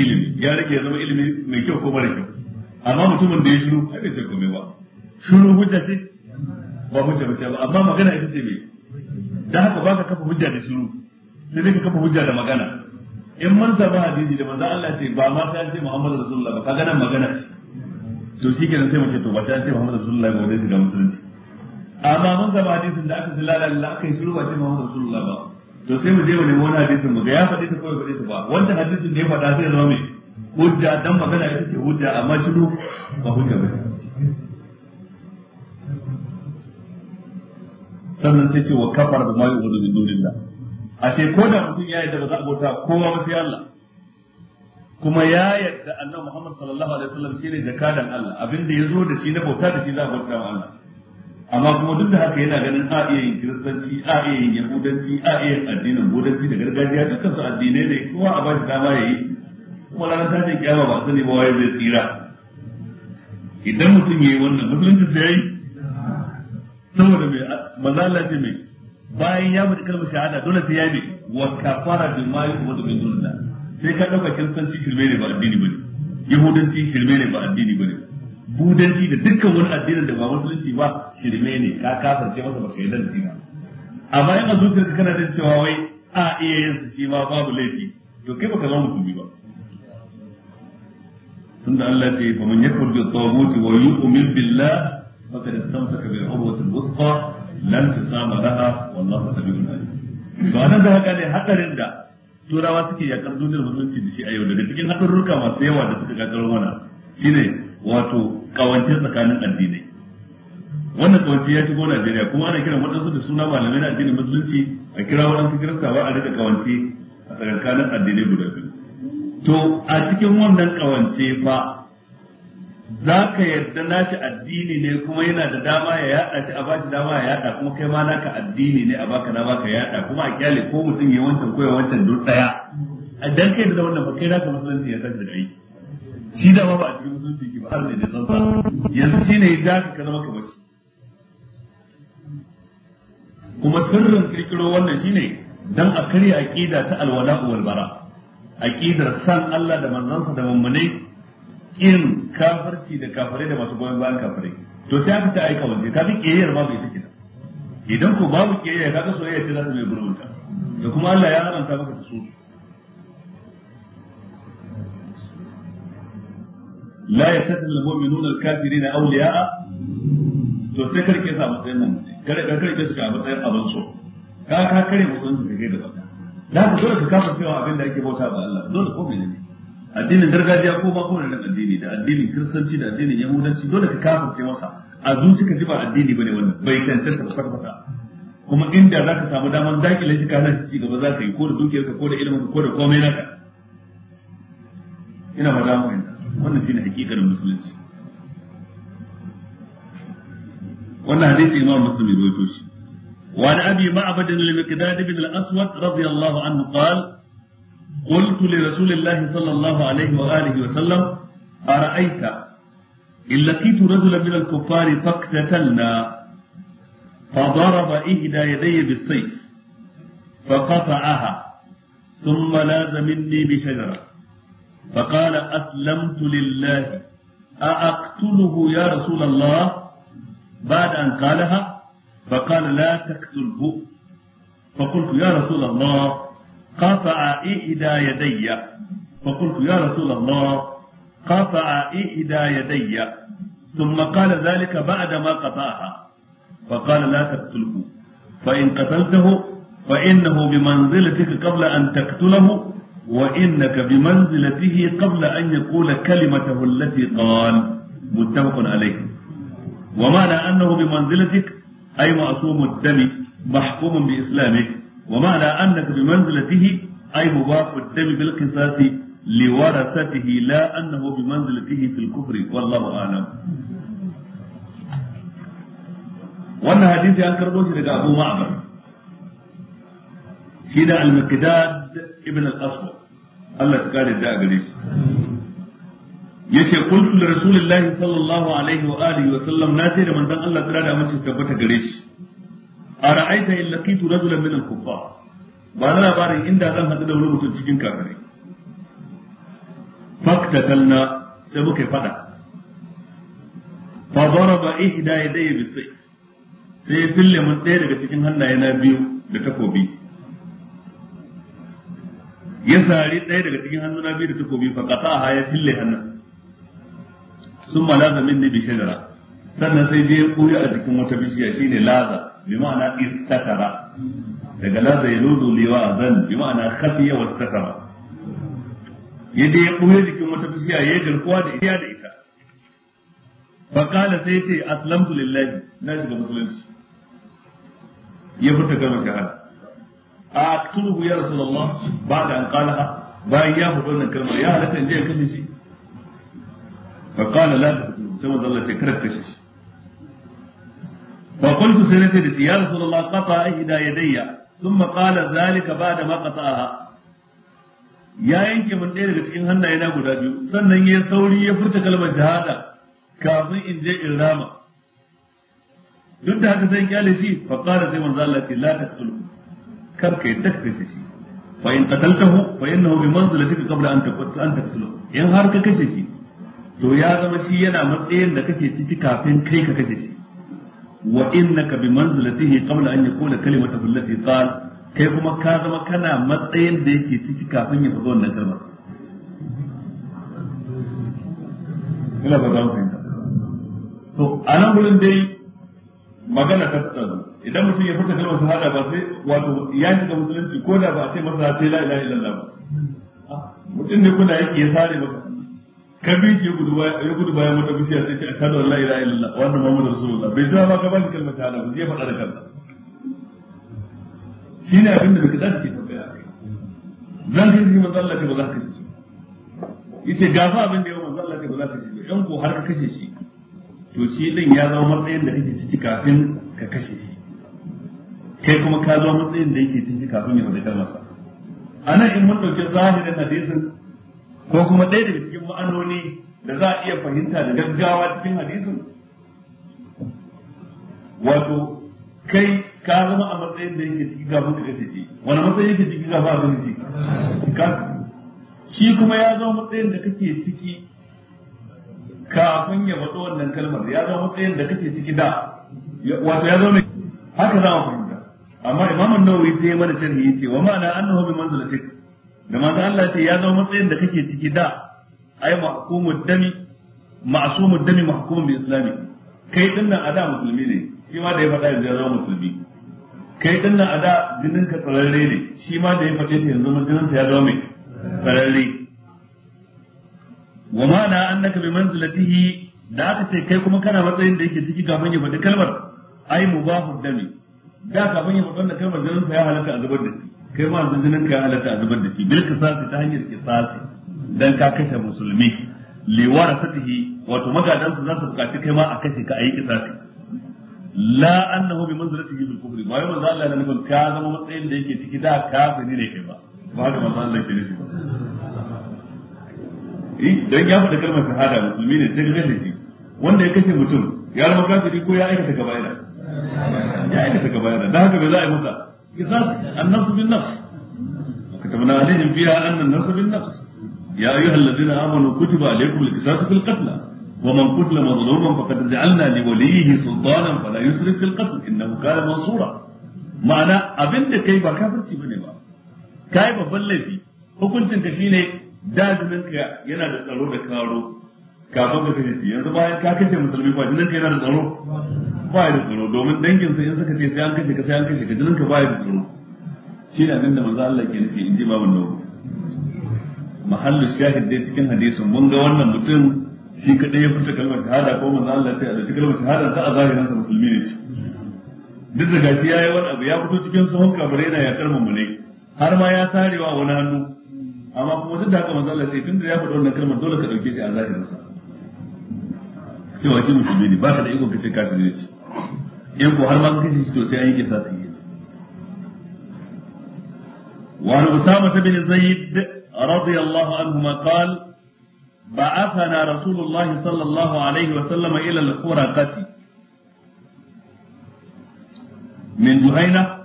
ilimi ya rike zama ilimi mai kyau ko mara kyau amma mutumin da ya shiru ai bai ce komai ba shiru hujja ce ba hujja ba ba amma magana ita ce mai da haka ba ka kafa hujja da shiru sai dai ka kafa hujja da magana in man zaba hadisi da manzo Allah ce ba ma sai ce Muhammadu Rasulullah ba ga nan magana ce to shi kenan sai mu ce to ba sai ce Muhammadu Rasulullah ba wanda ga musulunci amma man zaba hadisin da aka ce la ilaha aka yi shiru ba sai Muhammadu Rasulullah ba to sai mu je mu nemi wani hadisin mu ga ya faɗi ta kawai faɗi ta ba wanda hadisin da ya faɗa zai zama mai hujja dan magana ita ce hujja amma shiru ba hujja ba sannan sai ce wa kafar da mayu ubudu min a ashe ko da mutum ya yadda ba za a bauta kowa ba sai Allah kuma ya yadda annabi Muhammad sallallahu alaihi wasallam shine jakadan Allah abin da yazo da shi na bauta da shi za a bauta wa Allah amma kuma duk da haka yana ganin a iya yin kiristanci a iya yin yahudanci a iya yin addinin budanci da gargajiya dukkan su addinai ne kowa a bashi dama yayi kuma ranar tashin kiyama ba sani ba waye zai tsira idan mutum yayi wannan musulunci sai yayi saboda mai manzo Allah ce mai bayan ya mutu kalmar shahada dole sai ya yi wa kafara bi ma yu'budu min dunillah sai ka dauka kiristanci shirme ne ba addini bane yahudanci shirme ne ba addini bane budanci da dukkan wani addinin da ba musulunci ba shirme ne ka kafirce masa baka yadda da shi ba a bayan a ka kana jin cewa wai a iya yin shi ma babu laifi to kai baka zama musulmi ba tunda Allah ce faman yakfur bi tawuti wa yu'min billah فقد استمسك بالعروة الوثقى لا انقسام لها والله سميع عليم to anan da haka ne hadarin da turawa suke yakar duniyar musulunci da shi a yau daga cikin hadarurruka masu yawa da suka mana shine wato tsakanin addinai wannan kawance ya shigo Najeriya kuma ana kiran waɗansu da suna malamai na addinin musulunci a kira waɗansu kiristawa a rika kawance a tsakanin addinai guda biyu to a cikin wannan kawance fa za ka yarda nashi addini ne kuma yana da dama ya yada shi a bashi dama ya yada kuma kai ma naka addini ne a baka dama ka yada kuma a kyale ko mutum ya wancan ko ya wancan duk daya dan kai da wannan ba kai naka musulunci ya san da shi da ba a cikin musulunci ki ba har ne da tsantsa yanzu shi ne ya ka zama ka bashi. kuma sirrin kirkiro wannan shine dan a karya aqida ta alwala wal bara aqidar san Allah da manzansa da mummunai kin kafirci da kafare da masu goyon bayan kafare, to sai aka ai aika waje kafin kiyayyar ma bai take da, idan ko babu kiyayya ga soyayya ce za ta mai gurbinta da kuma Allah ya haranta maka ta su la yattakhidhu al-mu'minuna al-kafirina awliya'a to sai karke sa matsayin nan kare karke su ka matsayin abin so ka ka kare musulunci kake da ba da ku dole ka kafa cewa abin da ake bauta ba Allah dole ko menene addinin gargajiya ko ba kowane irin addini da addinin kiristanci da addinin yahudanci dole ka kafirce masa a zuci ka ji ba addini bane wannan bai ka ba kwata kuma inda za ka samu damar dakile shi kana shi cigaba za ka yi ko da dukiyarka ko da ilimin ko da komai naka ina ba za mu yanda wannan shine hakikar musulunci wannan hadisi imam muslim ya rawaito shi abi ابي معبد miqdad بن al-aswad radiyallahu anhu qala قلت لرسول الله صلى الله عليه وآله وسلم أرأيت إن لقيت رجلا من الكفار فاقتتلنا فضرب إحدى يدي بالسيف فقطعها ثم لاز مني بشجرة فقال أسلمت لله أأقتله يا رسول الله بعد أن قالها فقال لا تقتله فقلت يا رسول الله قطع إحدى يدي فقلت يا رسول الله قطع إحدى يدي ثم قال ذلك بعدما قطعها فقال لا تقتله فإن قتلته فإنه بمنزلتك قبل أن تقتله وإنك بمنزلته قبل أن يقول كلمته التي قال متفق عليه ومعنى أنه بمنزلتك أي معصوم الدم محكوم بإسلامه ومعنى أنك بمنزلته أي مضاف الدم بالقصاص لورثته لا أنه بمنزلته في الكفر والله أعلم wannan hadisi an karbo shi daga Abu Ma'bad shi da Al-Miqdad ibn Al-Aswad Allah ya kare da gare shi yace qultu li rasulillahi sallallahu alaihi wa alihi wa sallam na ce da manzon Allah tsira da mace tabbata gare shi ara'aita in laqitu rajulan min al-kuffar ba na labarin inda zan hadu da wani mutum cikin kafirai faktatalna sai muka fada fa daraba ihda yadayhi bisayf sai ya fille mun ɗaya daga cikin hannaye na biyu da takobi ya sari ɗaya daga cikin hannu na biyu da takobi fa qataha ya fille hannu. sun malaza minni bi shajara sannan sai je ya koya a jikin wata bishiya shine laza bi ma'ana istatara daga la zailuzu zan bi ma'ana khafiya wa istatara Yadda ya buhe jikin wata bishiya ya garkuwa da iya da ita fa qala sai ce aslamtu lillahi na shiga musulunci ya fita kalmar shahada a turuhu ya rasulullah ba da an qala bayan ya fito wannan kalmar ya halatta in je kashe shi fa qala la tuqtul sai manzo Allah ce kada kashe shi fa qultu sai ce da shi ya rasulullah qata ihda yadayya thumma qala zalika ba'da ma qata'aha ya yanke mun ɗaya daga cikin hannaye na guda biyu sannan ya sauri ya furta kalmar shahada kafin in je in rama duk da haka sai kyale shi fa sai manzo Allah la taqtulu kar kai takkace shi fa in qataltahu fa innahu bi manzilatika qabla an taqtala an taqtulu in har ka kashe shi to ya zama shi yana matsayin da kake ciki kafin kai ka kashe shi wa innaka bi manzilatihi qabla an yaqula kalimatahu allati qal kai kuma ka zama kana matsayin da yake ciki kafin ya faɗi wannan kalmar ina ba za mu fahimta to a nan gurin dai magana ta tsada idan mutum ya furta kalmar shahada ba sai wato ya shiga musulunci ko da ba a sai masa sai la ilaha illallah ba mutum ne kuna yake ya sare maka ka bi shi ya gudu bayan wata bishiya sai ce ashhadu an la ilaha illallah wa anna muhammadar rasulullah bai jira ma ka ba shi kalmar shahada ba zai faɗa da kansa shine abin da bai kada take tambaya zan kai shi manzo Allah ce ba za ka ji yace gafa abin da ya manzo Allah ce ba za ka ji ba in ko har ka kashe shi to shi din ya zama matsayin da kake ciki kafin ka kashe shi kai kuma ka zama matsayin da yake ciki kafin ya faɗi kalmarsa anan in mun dauki zahirin hadisin ko kuma ɗaya daga cikin ma'anoni da za a iya fahimta da gaggawa cikin hadisin wato kai ka zama a matsayin da yake ciki gafin ka kashe shi wani matsayin yake ciki gafin ka kashe shi shi kuma ya zama matsayin da kake ciki kafin ya faɗo wannan kalmar ya zama matsayin da kake ciki da wato ya zama haka za mu fahimta amma imamun nawawi sai mana sharhi yace wa ma'ana annahu bi manzilati da manzo Allah ya ce ya zama matsayin da kake ciki da ai mahkumud dami ma'sumud dami mahkumun bi islami kai dinnan ada musulmi ne shi ma da ya faɗa yanzu ya zama musulmi kai dinnan ada jinin ka tsararre ne shi ma da ya faɗe ta yanzu jinin sa ya zama mai tsararre wa ma'ana annaka bi manzilatihi da aka ce kai kuma kana matsayin da yake ciki kafin ya faɗi kalmar ai mubahud dami da k'a ya faɗi wannan kalmar jinin sa ya halatta a zubar da shi kai ma yanzu jinin ka ya halatta a zubar da shi bil kisasi ta hanyar kisasi dan ka kashe musulmi liwarasatihi wato magadansu za su bukaci kai ma a kashe ka ayi kisasi la annahu bi manzilatihi bil kufri ba yau Allah na nufin ka zama matsayin da yake ciki da kafiri ne kai ba ba haka manzo Allah ke nufi ba eh, dan ya faɗa kalmar shahada musulmi ne sai kashe shi wanda ya kashe mutum ya zama kafiri ko ya aikata kabaira ya aikata kabaira dan haka bai za a yi masa kisasi annasu bin nafs katabna alaihim fiha anna an-nafs bin nafs ya ayyuha alladhina amanu kutiba alaykum al-qisas fil qatl wa man qutila mazluman faqad ja'alna li waliyhi sultanan fala yusrif fil qatl innahu kana mansura ma'ana abin da kai ba kafirci bane ba kai babban laifi hukuncin ka shine dajinin ka yana da tsaro da karo kafin ka kashe shi yanzu bayan ka kashe musulmi ba jinin ka yana da tsaro ba da tsaro domin dangin sa in suka ce sai an kashe ka sai an kashe ka jinin ka ba da tsaro shi ne abin da manzo Allah ke nufi in ji babu nawa mahallu shahid dai cikin hadisin mun ga wannan mutum shi kadai ya furta kalmar shahada ko manzo Allah sai a dauki kalmar shahada sa a zahirin sa musulmi ne shi duk da gashi yayi wani abu ya fito cikin sahun kabare yana yakar ne har ma ya tarewa wani hannu amma kuma duk da haka manzo Allah sai da ya faɗi wannan kalmar dole ka dauke shi a zahirin sa cewa shi musulmi ne ba ka da iko ka ce kafiri ne in ko har ma kace shi to sai an yi kisa sai وعن أسامة bin زيد رضي الله عنهما قال بعثنا رسول الله صلى الله عليه وسلم إلى الخرقة من جهينة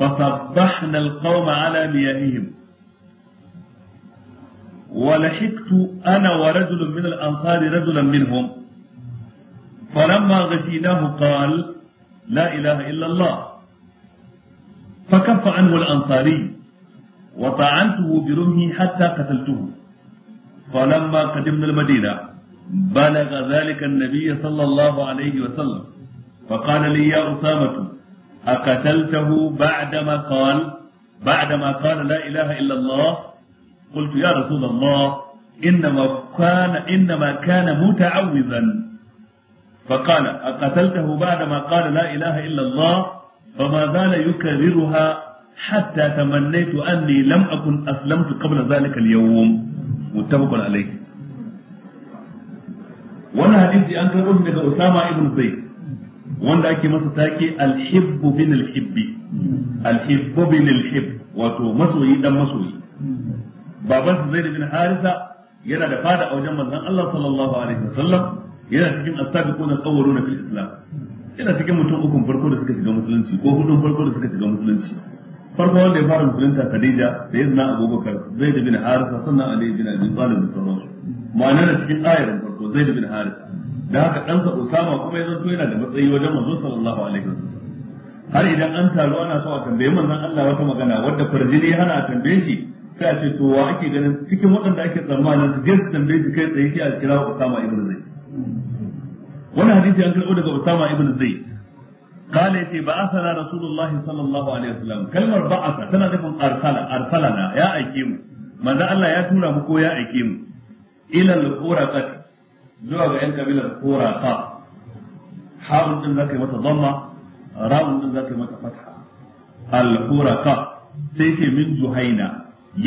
فصبحنا القوم على مياههم ولحقت أنا ورجل من الأنصار رجلا منهم فلما غشيناه قال لا إله إلا الله فكف عنه الأنصاري وطعنته برمحي حتى قتلته فلما قدمنا المدينة بلغ ذلك النبي صلى الله عليه وسلم فقال لي يا أسامة أقتلته بعدما قال بعدما قال لا إله إلا الله قلت يا رسول الله إنما كان إنما كان متعوذا فقال أقتلته بعدما قال لا إله إلا الله فما زال يكررها hatta tamannaitu anni lam akun aslamtu qabla zalika al-yawm muttafaqun alayh wannan hadisi an karɓo shi daga Usama ibn Zaid wanda ake masa take al-hibbu bin al-hibbi al-hibbu bin al-hibb wato masoyi dan masoyi baban Zaid bin Harisa yana da fada a wajen manzon Allah sallallahu alaihi wasallam yana cikin as-sabiquna al-awwaluna fil islam yana cikin mutum ukun farko da suka shiga musulunci ko hudun farko da suka shiga musulunci farko wanda ya fara musulunta Khadija da ya zina zai Zaid bin Harisa sannan Ali bin Abi Talib da sauransu ma'anar da cikin ayar farko zai Zaid bin Harisa da haka ɗansa Usama kuma ya zanto yana da matsayi wajen manzo sallallahu alaihi wasallam har idan an taru ana so a tambaye manzon Allah wata magana wadda farjini hana a tambaye shi sai a ce to wa ake ganin cikin waɗanda ake tsammanin su je su tambaye shi kai tsaye shi a kira Usama ibn Zaid wannan hadisi an karɓo daga Usama ibn Zaid قال يتي بعثنا رسول الله صلى الله عليه وسلم كلمة بعث تنا نفهم أرسل أرسلنا يا أيكيم ماذا الله يا تونا مكو يا أيكيم إلى الخورقة زوا بأنك بلا الخورقة حاول أن ذاك متضمة راو أن ذاك متفتحة الخورقة سيتي من زهينة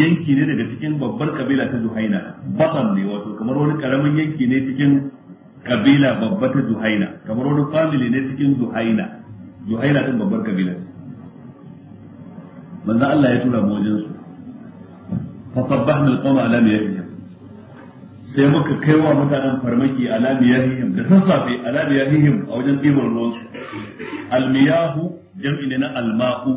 yanki ne daga cikin babbar kabila ta Zuhaina batan ne wato kamar wani karamin yanki ne cikin kabila babba ta Zuhaina kamar wani family ne cikin Zuhaina juhaira din babbar kabila ce manzo Allah ya tura mu wajen su fa sabbahna alqawma ala miyahihim sai muka kaiwa mutanen farmaki ala miyahihim da sassafe ala miyahihim a wajen ɗiban ruwan su almiyahu jam'i ne na alma'u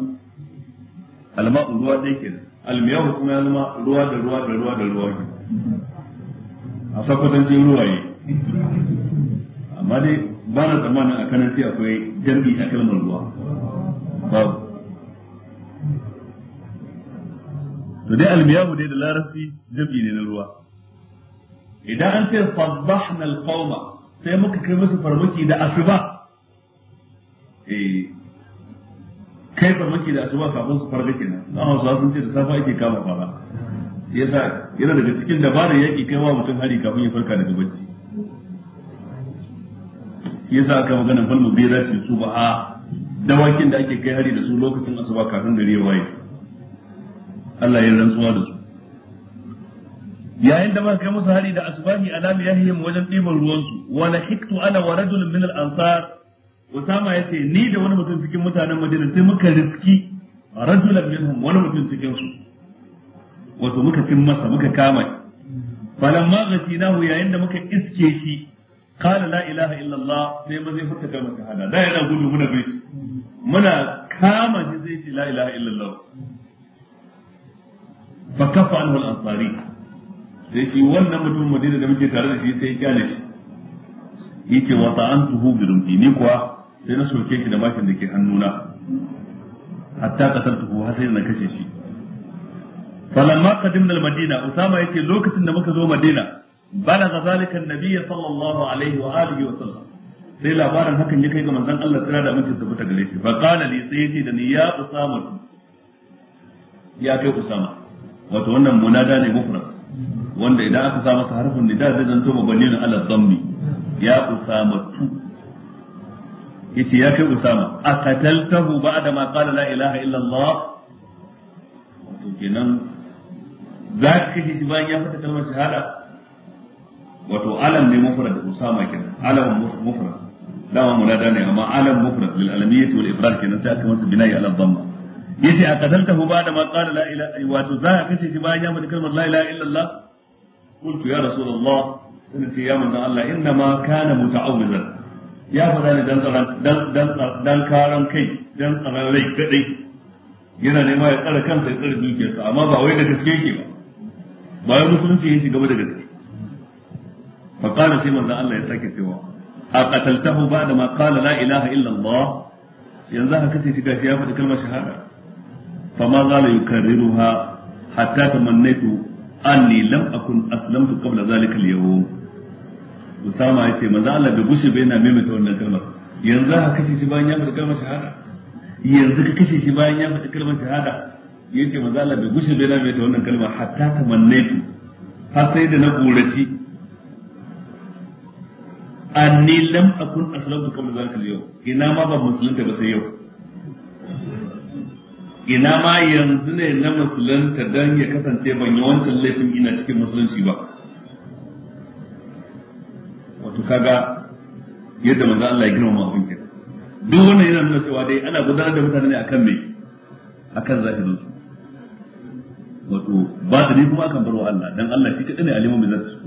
alma'u ruwa dai kenan almiyahu kuma ya zama ruwa da ruwa da ruwa da ruwa a sakwatan sai ruwaye amma dai ba na tsammanin a kanan sai akwai jam'i a kalmar ruwa babu to dai almiyahu dai da larabci jam'i ne na ruwa idan an ce sabbahna alqauma sai muka kai musu farmaki da asuba eh kai farmaki da asuba kafin su farga kenan na hausawa sun ce da safa ake kama fara yasa yana daga cikin dabarar yaƙi kai wa mutum hari kafin ya farka daga bacci shi yasa aka magana fal mubirati subha dawakin da ake kai hari da su lokacin asuba kafin gari ya waye Allah ya rantsuwa da su yayin da muka kai musu hari da asbahi alam yahim wajen ɗiban ruwansu wa lahiktu ana wa rajul min al-ansar usama yace ni da wani mutum cikin mutanen madina sai muka riski rajul minhum wani mutum cikin su wato muka cin masa muka kama shi falamma nahu yayin da muka iske shi qala la ilaha illallah sai ba zai furta kalmar shahada da yana gudu muna bai muna kama shi zai ce la ilaha illallah fa kafa anhu al-ansari sai shi wannan mutumin Madina da muke tare da shi sai ya kyale shi Ya yace wa ta'antuhu bi rumbi ni kuwa sai na soke shi da mashin da ke hannuna hatta qataltuhu har sai na kashe shi falamma qadimna al-madina usama ce lokacin da muka zo madina balaga zalika annabi sallallahu alaihi wa alihi wa sallam sai labarin hakan ya kai ga manzon Allah tsira da aminci tabbata gare shi fa qala li sai da ni ya usama ya kai usama wato wannan munada ne mufrad wanda idan aka sa masa harfin nida zai zanto mabanni na ala dhammi ya usama yace ya kai usama aqataltahu ba'da ma qala la ilaha illa allah to kenan za ka kashe shi bayan ya fita kalmar shahada wato alam ne mufrad da usama kenan alam mufrad dama munada ne amma alam mufrad lil alamiyyah wal ibrar kenan sai aka masa bina'i ala dhamma yace a qataltahu ba'da ma qala la ilaha wato za a kashe shi bayan ya faɗi kalmar la ilaha allah. qultu ya rasulullah sai ce ya manzon Allah inna ma kana muta'awwizan ya faɗa ne dan tsaron dan dan karan kai dan tsaron rai kadai yana nema ya tsara kansa ya tsara dukiyarsa amma ba wai da gaske yake ba ba musulunci ya shiga da gaske fa qala sai manzo Allah ya sake cewa a qataltahu ba'da ma qala la ilaha illa Allah yanzu shi gashi ya faɗi kalmar shahada fa ma zala yukarriruha hatta tamannaitu anni lam akun aslamtu qabla zalika al-yawm Usama yace manzo Allah bai gushe bai yana maimaita wannan kalmar yanzu haka shi bayan ya faɗi kalmar shahada yanzu kashe shi bayan ya faɗi kalmar shahada ya ce bai na ta wannan ta har sai da na gurashi anni lam akun aslamtu qabla zalika yau ina ma ba musulunta ba sai yau ina ma yanzu ne na musulunta dan ya kasance ban yi wancan laifin ina cikin musulunci ba wato kaga yadda manzo Allah ya mu abin ke duk wannan yana nuna cewa dai ana gudanar da mutane ne akan me akan zahirin su wato ba da ni kuma akan barwa Allah dan Allah shi kadai ne alimu bi zati su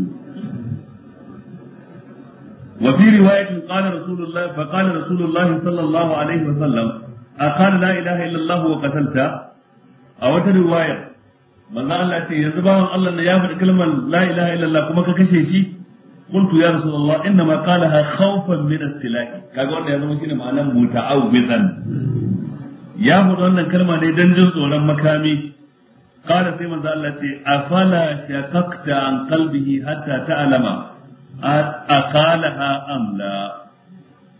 وفي رواية قال رسول الله فقال رسول الله صلى الله عليه وسلم أقال لا إله إلا الله وقتلت أو رواية manzo Allah ce Allah ne ya faɗi kalmar la ilaha kuma ka kashe shi qultu ya rasulullah inna ma qalaha khawfan min as-silahi kaga wannan ya zama shine ma'anar muta'awwizan ya faɗi wannan kalma ne dan jin tsoron makami qala sai manzo Allah ce afala shaqaqta an qalbihi hatta aqalaha am la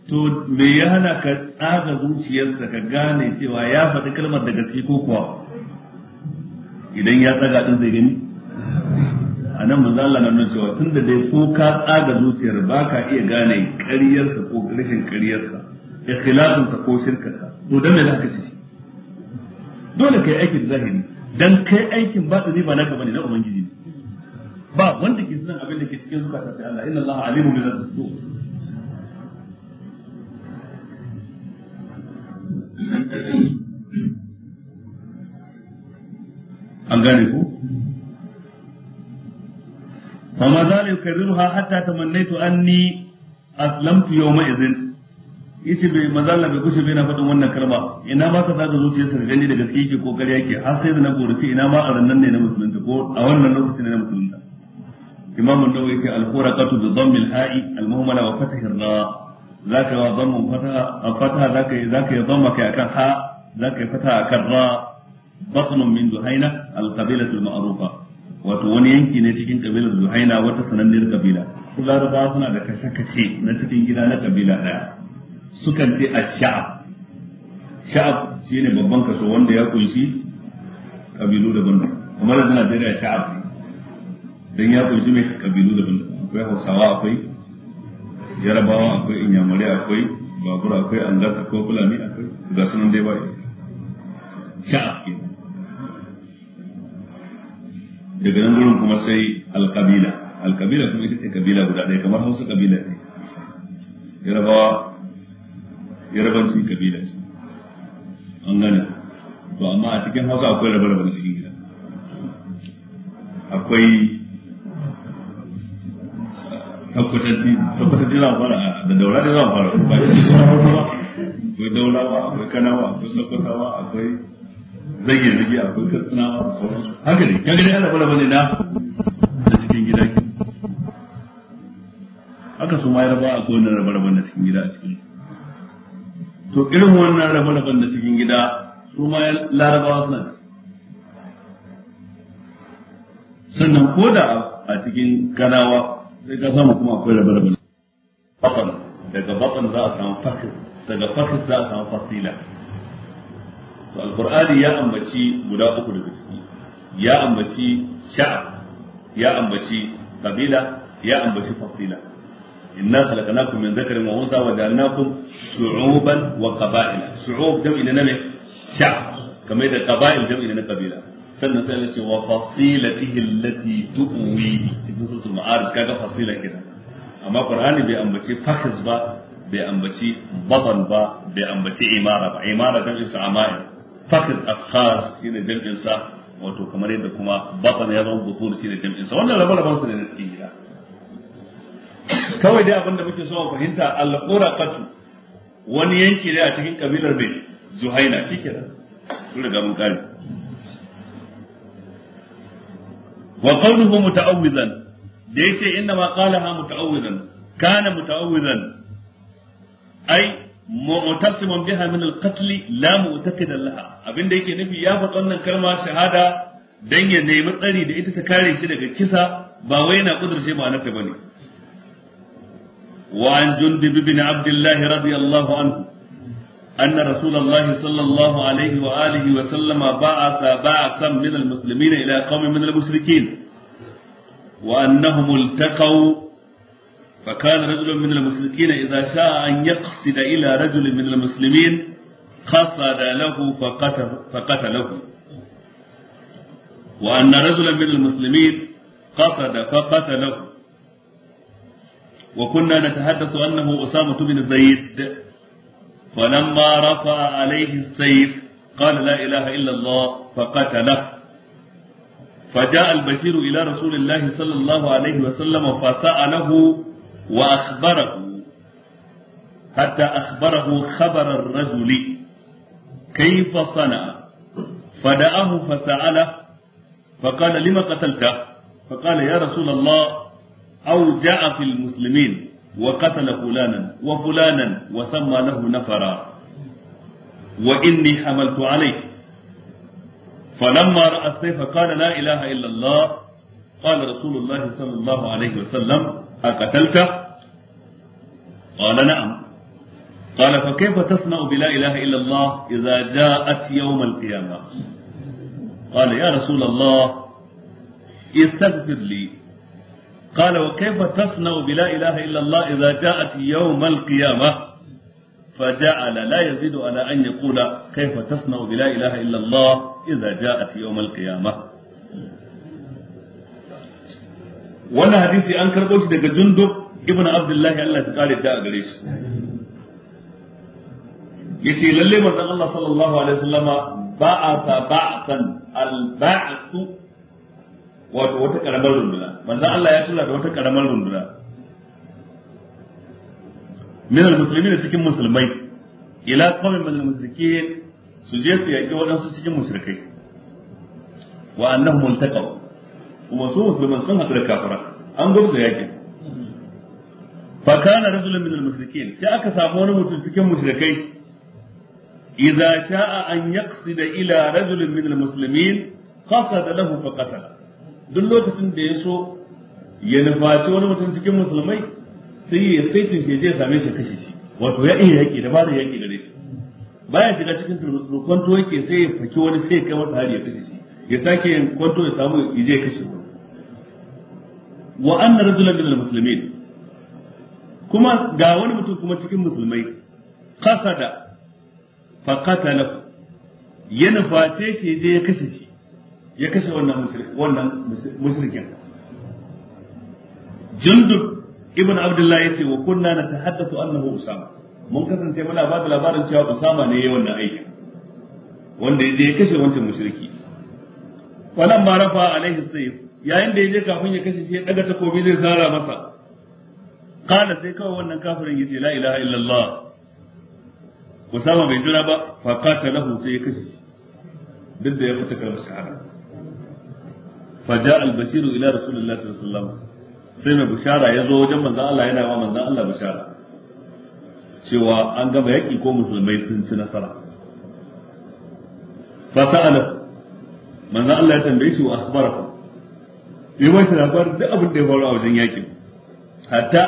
to me ya hana ka tsaga zuciyarsa ka gane cewa ya faɗi kalmar daga gaske ko kuwa idan ya tsaga din zai gani a nan manzo Allah nan cewa tunda dai ko ka tsaga zuciyar ba ka iya gane ƙaryarsa ko rashin ƙaryarsa ikhlasinsa ko shirkarsa to dan me zaka shi dole kai aikin zahiri dan kai aikin batini ba naka bane na ubangiji ne ba wanda sanin abin da ke cikin zukatan sai Allah inna Allah alimu bi zati an gane ku فما زال hatta حتى anni aslamtu yawma idhin yace bai mazalla bai kushe bai na faɗin wannan karba ina ma ka zaga zuciyarsa sa gani da gaske yake ko ƙarya yake har sai da na gorace ina ma a rannan ne na musulunta ko a wannan lokacin ne na musulunta imam an-nawawi sai al-khuraqatu bi dhammi al-ha'i al-muhmala wa fathi ar-ra zaka wa dhammu fataha fataha zaka zaka ya dhamma kai akan ha zaka ya fataha akan ra batnun min duhaina al-qabilatu al-ma'rufa wato wani yanki ne cikin kabilar duhaina wata sananniyar kabila su larabawa suna da kashe-kashe na cikin gida na kabila daya sukan ce ash-sha'ab sha'ab shine babban kaso wanda ya kunshi kabilu daban-daban kamar da Najeriya sha'ab ne don ya kunshi mai kabilu da daban akwai hausawa akwai yarabawa akwai inyamurai akwai babura akwai angas akwai fulani akwai ga sunan dai ba sha'af ke daga nan gurin kuma sai alkabila alkabila kuma ita ce kabila guda ɗaya kamar hausa kabila ce yarabawa yarabanci kabila ce an gane to amma a cikin hausa akwai rabe-rabe cikin gida akwai sakwatanci sakwatanci za a fara da daura da za a fara ba shi daura hausa ba akwai daulawa akwai kanawa akwai sakwatawa akwai zage zage akwai katsinawa da sauransu haka ne kaga dai ana fara bane na da cikin gida haka su ma ya raba akwai wannan raba raban na cikin gida a cikin to irin wannan raba raban na cikin gida su ma larabawa suna sannan ko da a cikin kanawa sai ka samu kuma akwai rabe rabe bakan daga bakan za a samu fakir daga fakir za a samu fasila to alqur'ani ya ambaci guda uku daga ciki ya ambaci sha'ab ya ambaci kabila ya ambaci fasila inna khalaqnakum min dhakarin wa unsa wa ja'alnakum shu'uban wa qaba'ila shu'ub jam'i na ne sha'ab kamar da qaba'il jam'i na kabila sannan sai Allah ce wa fasilatihi allati tuwihi cikin suratul ma'arij kaga fasila kenan amma qur'ani bai ambace fakhs ba bai ambaci baban ba bai ambaci imara ba imara dan isa amai fakhs afkhas shine jam'in sa wato kamar yadda kuma baban ya zama butur shine jam'in sa wannan rabar rabar da suke gida kawai dai abinda muke so mu fahimta al-quraqatu wani yanki ne a cikin kabilar bai juhaina shikenan kun riga mun kare wa qawluhu muta'awwidan da yace inna ma qalaha muta'awwidan kana muta'awwidan ai mu'tasiman biha min al-qatl la mu'taqidan laha abinda yake nufi ya faɗa wannan kalma shahada dan ya nemi tsari da ita ta kare shi daga kisa ba wai yana kudurce ba nafi bane wa an Abdullahi ibn abdullah anhu أن رسول الله صلى الله عليه وآله وسلم بعث بعثا من المسلمين إلى قوم من المشركين وأنهم التقوا فكان رجل من المشركين إذا شاء أن يقصد إلى رجل من المسلمين قصد له فقتل فقتله وأن رجلا من المسلمين قصد فقتله وكنا نتحدث أنه أسامة بن زيد فلما رفع عليه السيف قال لا إله إلا الله فقتله فجاء البشير إلى رسول الله صلى الله عليه وسلم فسأله وأخبره حتى أخبره خبر الرجل كيف صنع فدعاه فسأله فقال لم قتلته فقال يا رسول الله أوجع في المسلمين وقتل فلانا وفلانا وسمى له نفرا وإني حملت عليه فلما رأى السيف قال لا إله إلا الله قال رسول الله صلى الله عليه وسلم أقتلته قال نعم قال فكيف تصنع بلا إله إلا الله إذا جاءت يوم القيامة قال يا رسول الله استغفر لي قال وكيف تصنع بلا إله إلا الله إذا جاءت يوم القيامة فجعل لا يزيد على أن يقول كيف تصنع بلا إله إلا الله إذا جاءت يوم القيامة wannan hadisi an karɓo shi daga jundub ibn abdullahi Allah shi kare ta a gare shi yace lalle manzon Allah sallallahu alaihi wasallama ba'a ba'san al-ba'su wato wata karamar runduna manzon Allah ya tura da wata karamar runduna min almuslimin cikin musulmai ila qaumin min almusyrikin su je su yaki waɗansu cikin musyrikai wa annahum multaqaw kuma su musulman sun haɗu da kafara an gubza yakin fa kana rajulun min almusyrikin sai aka samu wani mutum cikin musyrikai idza sha'a an yaqsida ila rajulin min almuslimin qasada lahu fa qatala duk lokacin da ya so ya nufaci wani mutum cikin musulmai sai ya saiti shi je same shi kashe shi wato ya iya yaƙi da ba da yaƙi gare shi bayan shiga cikin turkon to yake sai ya faki wani sai ya kai masa hari ya kashe shi ya sake yin kwanto ya samu ya je ya kashe wani wa na rajulan min almuslimin kuma ga wani mutum kuma cikin musulmai qasada fa qatalahu ya nuface shi je ya kashe shi ya kashe wannan wannan mushrikin jundub ibn abdullahi yace wa kunna natahaddathu annahu usama mun kasance muna ba da labarin cewa usama ne ya yi wannan aikin wanda ya je ya kashe wancan mushriki falan ma rafa alaihi sayf yayin da ya je kafin ya kashe shi ya daga takobi zai sara masa qala sai kawai wannan kafirin yace la ilaha illallah usama bai jira ba fa qatalahu sai ya kashe shi duk da ya fita kalmar shahada faja albashiru ila rasulullahi sallallahu alaihi wasallam sai mai bishara ya zo wajen manzon Allah yana wa manzon Allah bishara cewa an gama yaƙi ko musulmai sun ci nasara fa sa'ala Allah ya tambaye shi wa akhbarahu labarin duk abin da ya a wajen hatta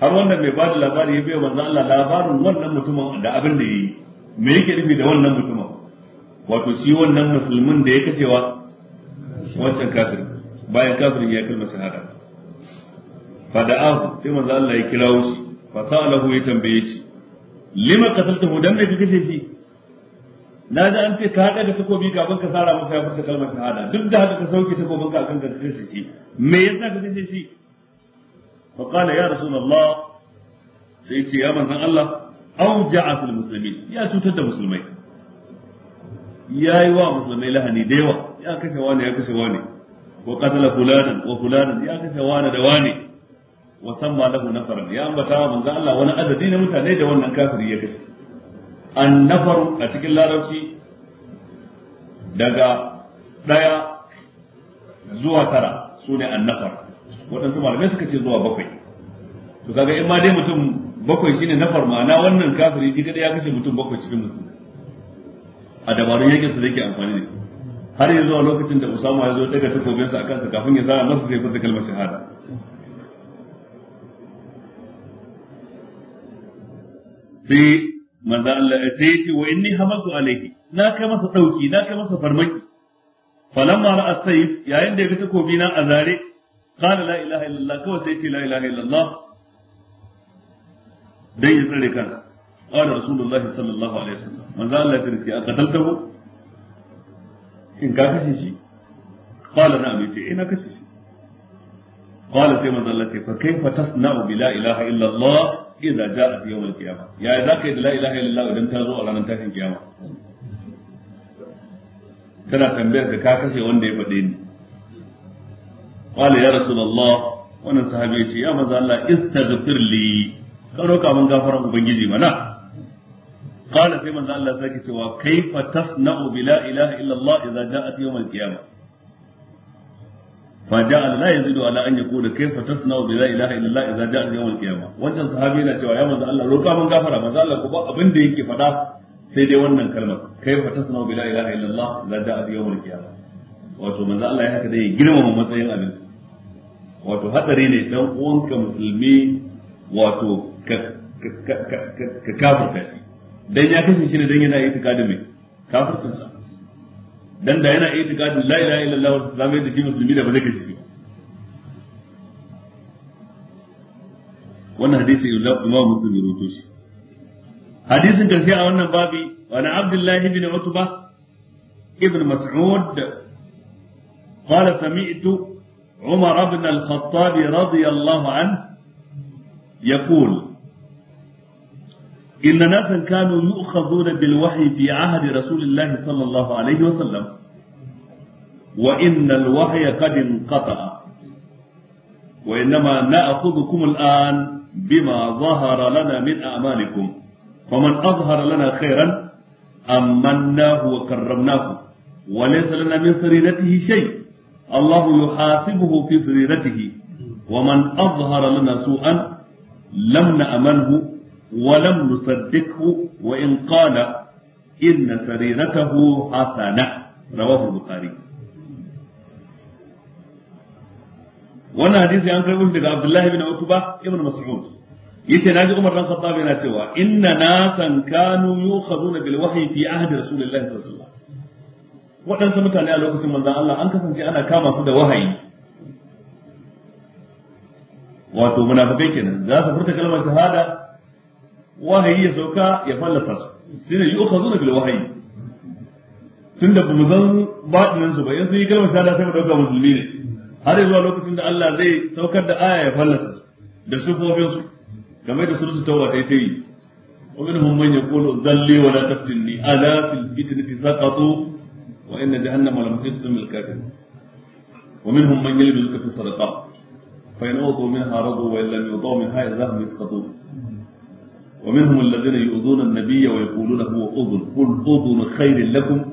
har wannan mai bada labari ya bai manzo Allah labarin wannan mutumin da abin da yayi me yake nufi da wannan mutumin wato shi wannan musulmin da ya kashewa wancan kafir bayan kafirin ya kalma shahada fada'ahu sai manzo Allah ya kirawo shi fa sa'alahu ya tambaye shi lima qataltahu dan da kake kashe shi na ji an ce ka haɗa da takobi kafin ka sara masa ya furta kalmar shahada duk da haka ka sauke takobin ka akan ka kashe shi me yasa ka kashe shi fa qala ya rasulullah sai ce ya manzon Allah auja'a fil muslimin ya cutar da musulmai ya yi wa musulmai lahani da yawa ya kashe wani ya kashe wani wa katala fulanan wa fulanan ya kashe wani da wani wa ma lahu nafaran ya ambata wa manzo Allah wani adadi na mutane da wannan kafiri ya kashe an nafaru a cikin larabci daga daya zuwa tara su ne an nafar waɗansu malamai suka ce zuwa bakwai to kaga in ma dai mutum bakwai shine nafar ma'ana wannan kafiri shi kada ya kashe mutum bakwai cikin musulmai a dabarun yakin sa zai yake amfani da su har yanzu a lokacin da Usama ya zo daga takobin sa akan sa kafin ya sa masa zai fada kalmar shahada sai manzo Allah ya ce wa inni hamaltu alaihi na kai masa dauki na kai masa farmaki falamma ra'a sayf yayin da ya ga takobi na a zare qala la ilaha illallah kawai sai ce la ilaha illallah dai ya tsare kansa qala rasulullahi sallallahu alaihi wasallam manzo Allah ya tsare a qataltahu shin ka kashe shi qala na'am yace ina kashe shi qala sai manzo fa kaifa tasna'u bi la ilaha illa Allah idza ja'at yawm al-qiyamah za ka yi da la illa Allah idan ta a ranar tashin kiyama tana tambayar ka ka kashe wanda ya faɗe ni ya rasulullah wannan sahabi ya ce ya manzo Allah istaghfir Karo ka roka ubangiji mana qala sai manzo Allah zaki cewa kaifa tasna'u bi la ilaha illa Allah idza ja'at yawm al-qiyamah fa ja'ala la yazidu ala an yaqula kaifa tasna'u bi la ilaha illa Allah idza ja'at yawm wancan sahabi yana cewa ya manzo Allah roka mun gafara manzo Allah ko abin da yake faɗa sai dai wannan kalmar kaifa tasna'u bi la ilaha illa Allah idza ja'at yawm wato manzo Allah ya haka dai ya girmama matsayin abin wato ne dan uwanka musulmi wato ka dan ya kashe shi ne dan yana itikadin mai kafircin sa dan da yana itikadin la ilaha illallah wa zama da shi musulmi da ba zai kashe shi ba wannan hadisi ya imam muslim ya rawaito shi hadisin karshe a wannan babi wa na abdullahi bin utba ibn mas'ud قال سمعت عمر بن الخطاب رضي الله عنه يقول inna nasan kanu mu'khadhuna bil wahyi fi ahdi rasulillahi sallallahu alaihi wa sallam wa inna al wahya qad inqata'a wa innama na'khudhukum al an bima dhahara lana min a'malikum faman adhhara lana khairan ammannahu wa karramnahu min الله يحاسبه في سريرته ومن أظهر لنا سوءا لم نأمنه ولم نصدقه وإن قال إن سريرته حسنة رواه البخاري wannan hadisi an karɓo shi daga Abdullahi bin Utba ibn Mas'ud yace naji Umar dan Khattab yana cewa inna nasan kanu yukhaduna bil wahyi fi ahdi Rasulillahi sallallahu alaihi wasallam waɗansu mutane a lokacin manzon Allah an kasance ana kama su da wahayi wato munafikai kenan za su furta kalmar shahada wahayi ya sauka ya fallasa su sai da yi'u kazo na bil wahayi tun da bamu san baɗinan su ba yanzu yi kalmar shahada sai mu ɗauka musulmi ne har zuwa lokacin da Allah zai saukar da aya ya fallasa su da sufofin su game da surutu tawba ta yi ta yi wa min hum man yaqulu dhalli wa la taftinni ala fil fitni fi saqatu wa inna jahannama la muhittatun bil kafirin wa min hum man yalbisu fi sadaqa fa yanawdu minha radu wa illam yudaw minha yadhahu yasqatu ومنهم الذين يؤذون النبي ويقولون هو أذن قل أذن خير لكم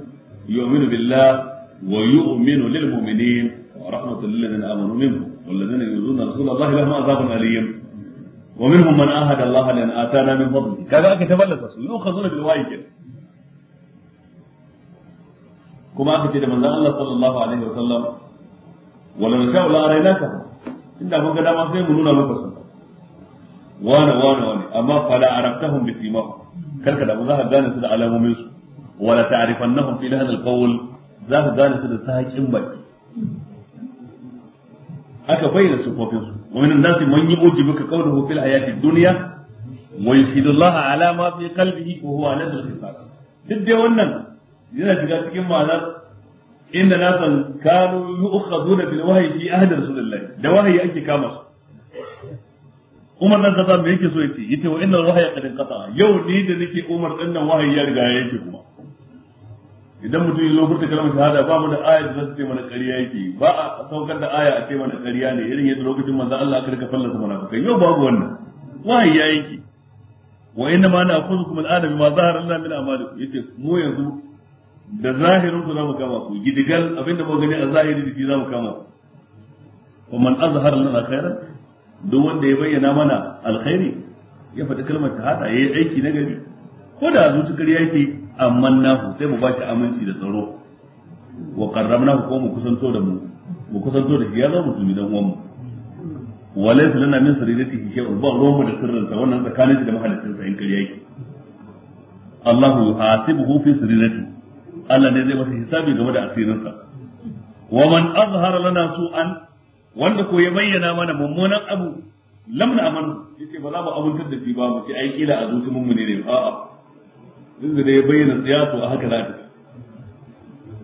يؤمن بالله ويؤمن للمؤمنين ورحمة للذين آمنوا منهم والذين يؤذون رسول الله لهم عذاب أليم ومنهم من عاهد الله لأن آتانا من فضله كذا أكي تفلس يؤخذون بالواي كما أكي من الله صلى الله عليه وسلم ولو نشاء لأريناكهم إن كذا ما سيبنون مكسر wane wane wane amma fala araftahum bi simahum karka da za ka gane su da alamomin su wala ta'rifannahum fi lahan alqawl za ka gane su da sahakin baki aka bayyana sifofin su wa min nasi man yu'jibuka qawluhu fil hayati dunya wa yuhidu Allah ala ma fi qalbihi wa huwa ala al duk dai wannan yana shiga cikin ma'anar inda nasan kanu yu'khaduna bil wahyi fi ahdi rasulillah da wahayi ake kama su Umar nan kaza me yake so yace yace wa innal wahya qad qata yau ni da nake Umar din nan wahayi ya riga yake kuma idan mutum ya zo furta kalmar shahada ba mu da aya da zasu ce mana ƙarya yake ba a saukar da aya a ce mana ƙarya ne irin yadda lokacin manzo Allah aka rika fallasa mana kai. yau babu wannan wahayi ya yake wa inna ma na'khudhukum al'ana ma zahara lana min amalikum yace mu yanzu da zahirin ku zamu kama ku gidigal abinda mu gani a zahiri da ki zamu kama ku wa man azhara lana khairan duk wanda ya bayyana mana alkhairi ya faɗi kalmar shahada ya yi aiki na gari ko da zuci ƙarya yake na nahu sai mu bashi aminci da tsaro wa qarramnahu ko mu kusanto da mu mu kusanto da shi ya zama musulmi dan uwanmu wa laysa lana min shi shay'un ba ruwan mu da sirrinsa wannan tsakanin shi da mahaliccinsa in ƙarya yake Allahu hasibuhu fi sirrati Allah ne zai masa hisabi game da asirinsa wa man azhara lana su'an wanda ko ya bayyana mana mummunan abu lamna amanu yace ba za mu amintar da shi ba mu ce ai kila a zuci mun ne a a'a duk da ya bayyana tsiyatu a haka zata ta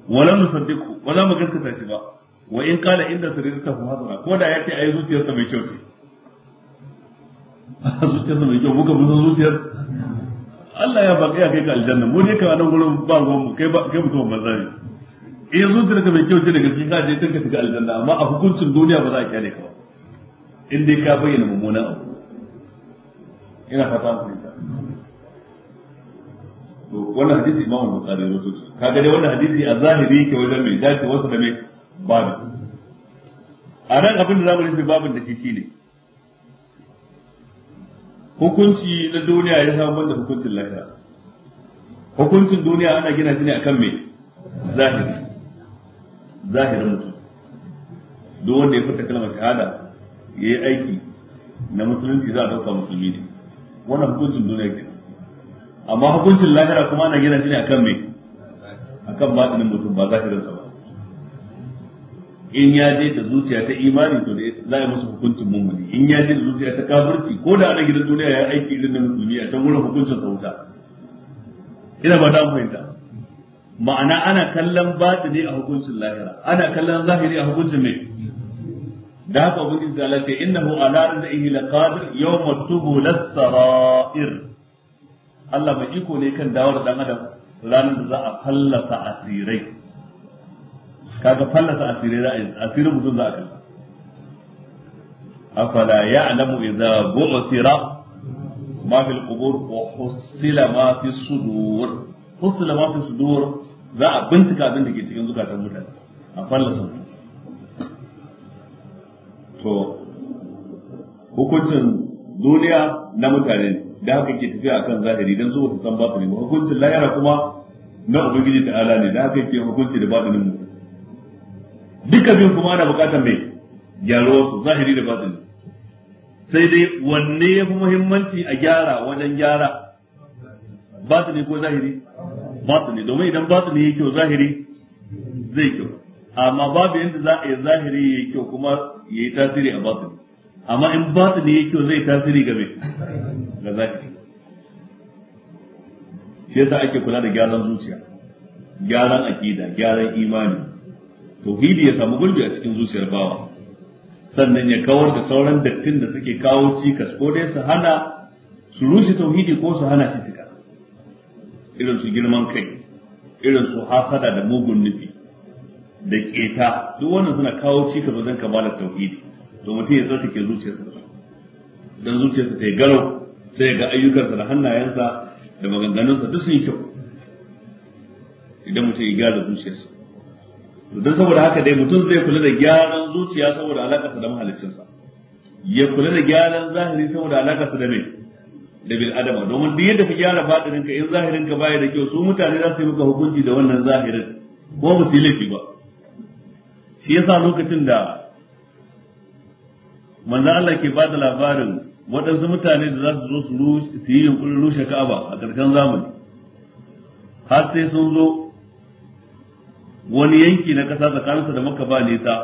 wala nusaddiqu ba za mu gaskata shi ba wa in kala inda fa hadara ko da yace ai zuciyarsa mai kyau ce (laughs) zuciyarsa mai kyau muka musan zuciyar Allah ya baki ya kai ka aljanna mu ne ka nan gurin ba ruwan mu kai ba kai mutum banza ne in eh, zuciyarka mai kyau ce da za ka je kanka shiga aljanna amma a hukuncin duniya ba za a kyale ka ba in dai ka bayyana mummunan abu ina fata mu fahimta to wannan hadisi imamu bukhari rawaito shi kaga dai wannan hadisi a zahiri yake wajen mai dace wasu da mai babu a nan abin da zamu nufi babin da shi shine hukunci na duniya ya samu banda hukuncin lahira hukuncin duniya ana gina shi ne akan mai zahiri zahirin mutum duk wanda ya fita kalmar shahada ya yi aiki na musulunci za a dauka musulmi ne wannan hukuncin duniya ke amma hukuncin lahira kuma ana gina shi ne akan me akan batinin mutum ba sa ba in ya je da zuciya ta imani to za a musu hukuncin mummuni in ya je da zuciya ta kafirci ko da ana gidan duniya ya aiki irin na musulmi a can wurin hukuncin sa wuta ina ba ta fahimta ma'ana ana kallon batini a hukuncin lahira ana kallon zahiri a hukuncin mai da haka ubangiji ta lace innahu ala rizqihi laqadir yawma tubu lasarair Allah mai iko ne kan dawar dan adam ranar da za a fallasa asirai kaga fallasa asirai za a asirin mutum za a kalla afala ya'lamu idza bu'thira ma fil qubur wa husila ma fis sudur fusula ma fi sudur za a bincika abin da ke cikin zukatan mutane a fallasa to hukuncin duniya na mutane da haka ke tafiya akan zahiri dan su ba san batini ne hukuncin lahira kuma na ubangiji ta ala ne da haka ke hukunci da batinin mutum duka biyu kuma ana bukatar mai gyaruwa su zahiri da batini sai dai wanne ya fi muhimmanci a gyara wajen gyara batini ko zahiri batini domin idan batini yayi kyau zahiri zai kyau amma babu yadda za a yi zahiri yi kyau kuma ya yi tasiri a batini amma in batini yayi kyau zai tasiri ga mai ga zahiri shi yasa ake kula da gyaran zuciya gyaran akida gyaran imani tauhidi ya samu gurbi a cikin zuciyar bawa sannan ya kawar da sauran dattin da suke kawo cikas ko dai su hana su rushe tauhidi ko su hana shi cika irin su girman kai irin su hasada da mugun nufi da keta duk wannan suna kawo ka wajen kamalar tauhidi to mutum ya tsarkake zuciyarsa dan zuciyarsa ta yi garo sai ga ayyukansa da hannayensa da maganganunsa duk sun yi kyau idan mutum ya gyara zuciyarsa to don saboda haka dai mutum zai kula da gyaran zuciya saboda alakarsa da mahalicinsa ya kula da gyaran zahiri saboda alakarsa da mai da bil adama domin duk yadda fi gyara fadirin ka in zahirin ka baya da kyau su mutane za su yi maka hukunci da wannan zahirin ko ba su yi laifi ba shi yasa lokacin da manzo Allah ke bada labarin waɗansu mutane da za su zo su yi yunkurin rushe Ka'aba a ƙarshen zamani har sai sun zo wani yanki na ƙasa tsakaninsa da Makka ba nisa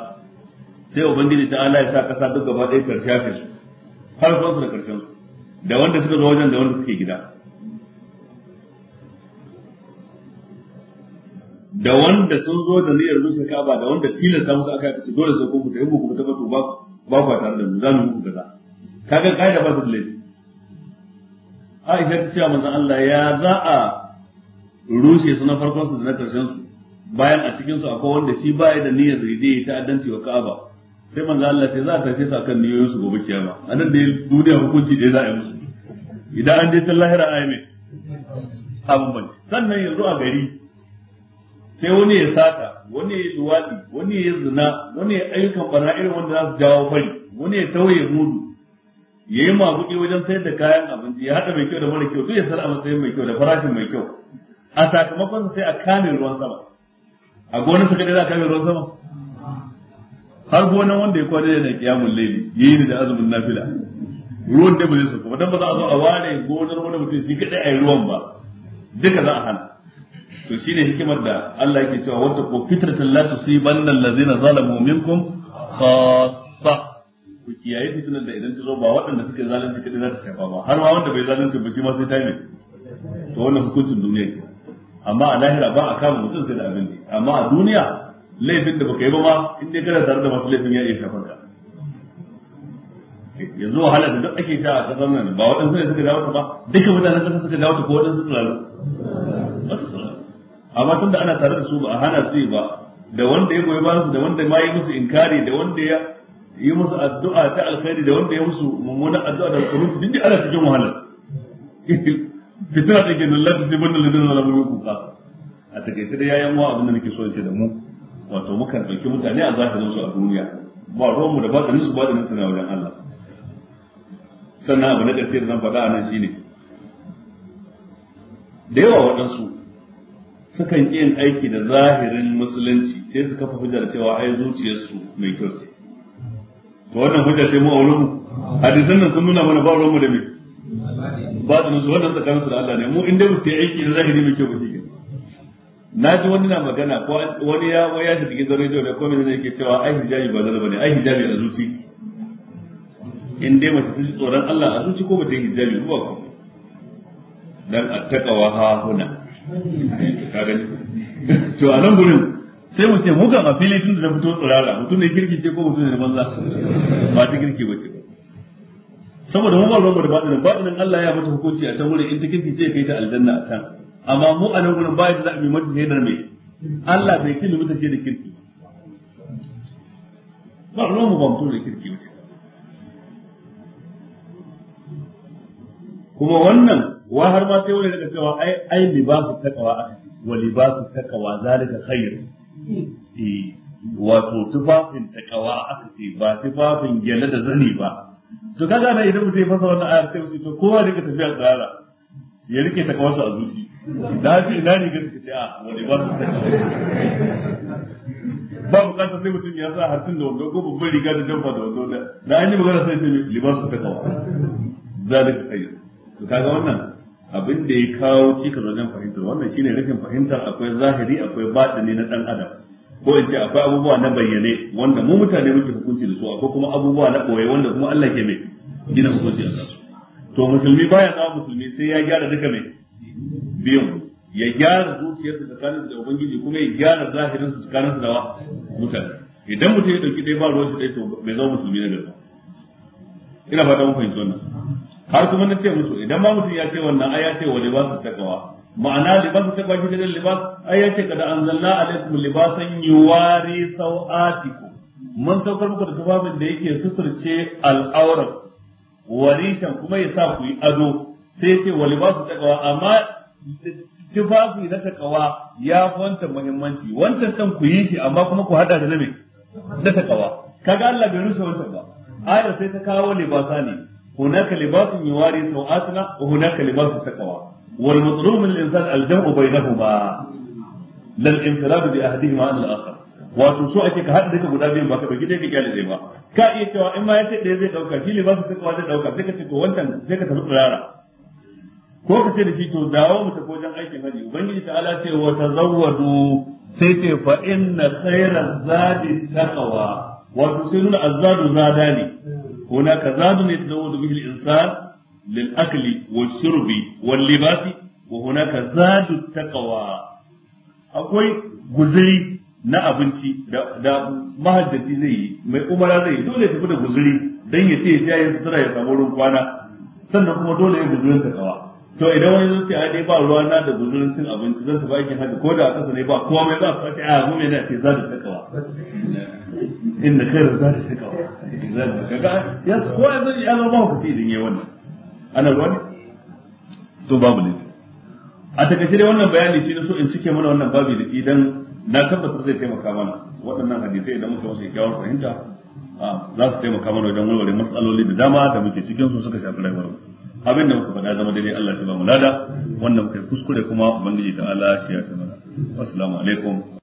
sai ubangiji ta Allah ya sa ƙasa duk gaba ɗaya karshe su har su da karshen su da wanda suka zo wajen da wanda suke gida da wanda sun zo da niyyar rusa kaba da wanda tilasta musu aka yi dole sai ku fita in ku tabbatu ba ba ba tare da mu za mu muku kaza kaga kaida ba ta da laifi Aisha ta ce manzon Allah ya za a rushe su na farkon su da na karshen su bayan a cikin su akwai wanda shi ba da niyyar zai ta addanci wa Ka'aba sai manzo Allah sai za a tashe su akan niyoyin su gobe kiyama anan da duniya hukunci da za a yi musu idan an je ta lahira a yi mai abin bane sannan yanzu a gari sai wani ya saka, wani ya luwaɗi wani ya zina wani ya ayyukan barna irin wanda za su jawo fari wani ya tauye mudu ya yi mabuɗi wajen sayar da kayan abinci ya haɗa mai kyau da mara kyau duk ya sar a matsayin mai kyau da farashin mai kyau a sakamakon sai a kame ruwan sama a gonar su kaɗai za a kame ruwan sama har gonan wanda ya kwana yana laili layli yayi da azumin nafila ruwan da ba zai sauka ba ba za a zo a ware gonar wani mutum shi a yi ruwan ba duka za a hana to shi ne hikimar da Allah yake cewa wata ko fitratan la tusibanna allazina zalamu minkum sassa ku kiyaye fitnar da idan ta zo ba waɗanda suke zalunci kadai za ta shafa ba har ma wanda bai zalunci ba shi ma sai ta to wannan hukuncin duniya ke amma a lahira ba a kama mutum sai da abin amma a duniya laifin da baka yi ba ma in dai kana tare da masu laifin ya iya shafar ka yanzu wahala da duk ake sha a kasar nan ba waɗansu ne suka dawo ta ba duka mutanen kasar suka dawo ta ko waɗansu suna ba su tsirarru amma tunda ana tare da su ba a hana su ba da wanda ya goyi bayansu da wanda ma yi musu inkari da wanda ya yi musu addu'a ta alkhairi da wanda ya musu mummunan addu'a da su duk da ana cikin wahala fitina da ke nan lafi sai banda ladin na lamu kuka a takaice sai da yayan wa abin da nake so ya ce da mu wato mukan ɗauki mutane a zahirin su a duniya ba ruwan mu da batsanin su batsanin su na wajen Allah sannan abu na ƙarshe da zan faɗa a nan shine da yawa waɗansu sukan ƙi yin aiki da zahirin musulunci sai su kafa hujjar cewa ai zuciyarsu mai kyau ce to wannan hujja ce mu aulumu mu hadisan nan sun nuna mana ba ruwan mu da me Baɗin su wannan tsakanin su da Allah ne mu in dai mu ta aiki da zahiri mai kyau ba shi na ji wani na magana ko wani ya ya shi cikin zarin da komai ne yake cewa ai hijabi ba zara bane ai hijabi a zuci in dai mace ta ji tsoron Allah a zuci ko ba yi hijabi ba ko dan attaqawa ha huna ka gani to a nan gurin sai mu ce mukan a fili tun da na fito tsirara mutum ne kirki ce ko mutum ne banza ba ta kirki ba ce ba. saboda mu ba ruwan da batinin batinin Allah ya bata hukunci a can wurin in ta kirki ce kai ta aljanna a can amma mu a nan gurin ba da za a bi mata sai mai Allah bai kimi mata sai da kirki ba ruwan mu ba mutum da kirki wuce kuma wannan wa har ma sai wani daga cewa ai ai libasu takawa aka ce wa libasu takawa zalika khair eh wato tufafin takawa aka ce ba tufafin gyale da zani ba to kaga na idan mutum ya fasa wannan ayar sai to kowa ka tafiya tsara ya rike ta kawarsa a zuci Na ce ina ne ka ce a ah, wani ba su ba bukata sai mutum ya sa harshen da wando ko babban riga da jamfa da wando Na an yi magana sai ce libasu ta kawa zalika khair to kaga wannan abin da ya kawo cikin wajen fahimtar wannan shine rashin fahimtar akwai zahiri akwai ne na ɗan adam ko in ce akwai abubuwa na bayyane wanda mu mutane muke hukunci da su akwai kuma abubuwa na ɓoye wanda kuma Allah ke mai gina hukunci a kansu to musulmi baya zama musulmi sai ya gyara duka mai biyun ya gyara zuciyarsa tsakaninsa da ubangiji kuma ya gyara zahirinsa su da mutane idan mutum ya dauki dai ba ruwan shi dai to bai zama musulmi na gaba ina fata mun fahimci wannan har kuma na ce musu idan ba mutum ya ce wannan ai ya ce wa libasu takawa ma'ana libasu takawa shi ne libas ai ya ce kada anzalna alaikum libasan yuwari sau'atikum mun saukar muku da tufafin da yake suturce al'aurar warishan kuma ya sa ku yi ado sai ce wa su taqwa amma tufafi na taqwa ya fi wancan muhimmanci wancan kan ku yi shi amma kuma ku hada da na me da taqwa kaga Allah bai rusa wancan ba ayar sai ta kawo libasa ne hunaka libasun yuwari sau'atuna wa hunaka libasun taqwa wal matlub min al-insan al-jam'u bainahuma lal infirad bi ahadihima an al-akhar wato so ake ka haɗa duka guda biyu ba ka ɗauki ɗaya ka kyale zai ba ka iya cewa in ma ya ce ɗaya zai ɗauka shi libasin takawa zai ɗauka sai ka ce ko wancan sai ka tafi tsirara ko ka ce da shi to dawo mu tafi wajen aikin haji ubangiji ta ala ce wa tazawwadu sai ce fa inna khayra zadi taqwa wato sai nuna azadu zada ne na ka zadu ne tazawwadu bihi al-insan lil akli wal shurbi wal libasi wa hunaka zadu taqwa akwai guzuri na abinci da mahajjaci zai yi mai umara zai yi dole ya tafi da guzuri don ya ce ya yi sutura ya samu ruwan kwana sannan kuma dole ya guzurin ta kawa to idan wani zai ce a dai ba ruwa na da guzurin cin abinci zan su ba aikin hajji ko da a kasa ne ba komai za su kwace a mu na ce za da kawa inda khairu za da ta kawa ya ko ya zai ya ba ku idan yi wannan ana ruwa ne to babu ne a takaice dai wannan bayani shi na so in cike mana wannan babu da shi don. na tabbatar zai taimaka mana waɗannan hadisai idan muka wasu kyawar fahimta za su taimaka mana wajen warware matsaloli da dama da muke cikin su suka shafi rayuwar abin da muka faɗa zama daidai Allah shi ba mu lada wannan muka yi kuskure kuma ubangiji ta Allah shi ya taimaka assalamu alaikum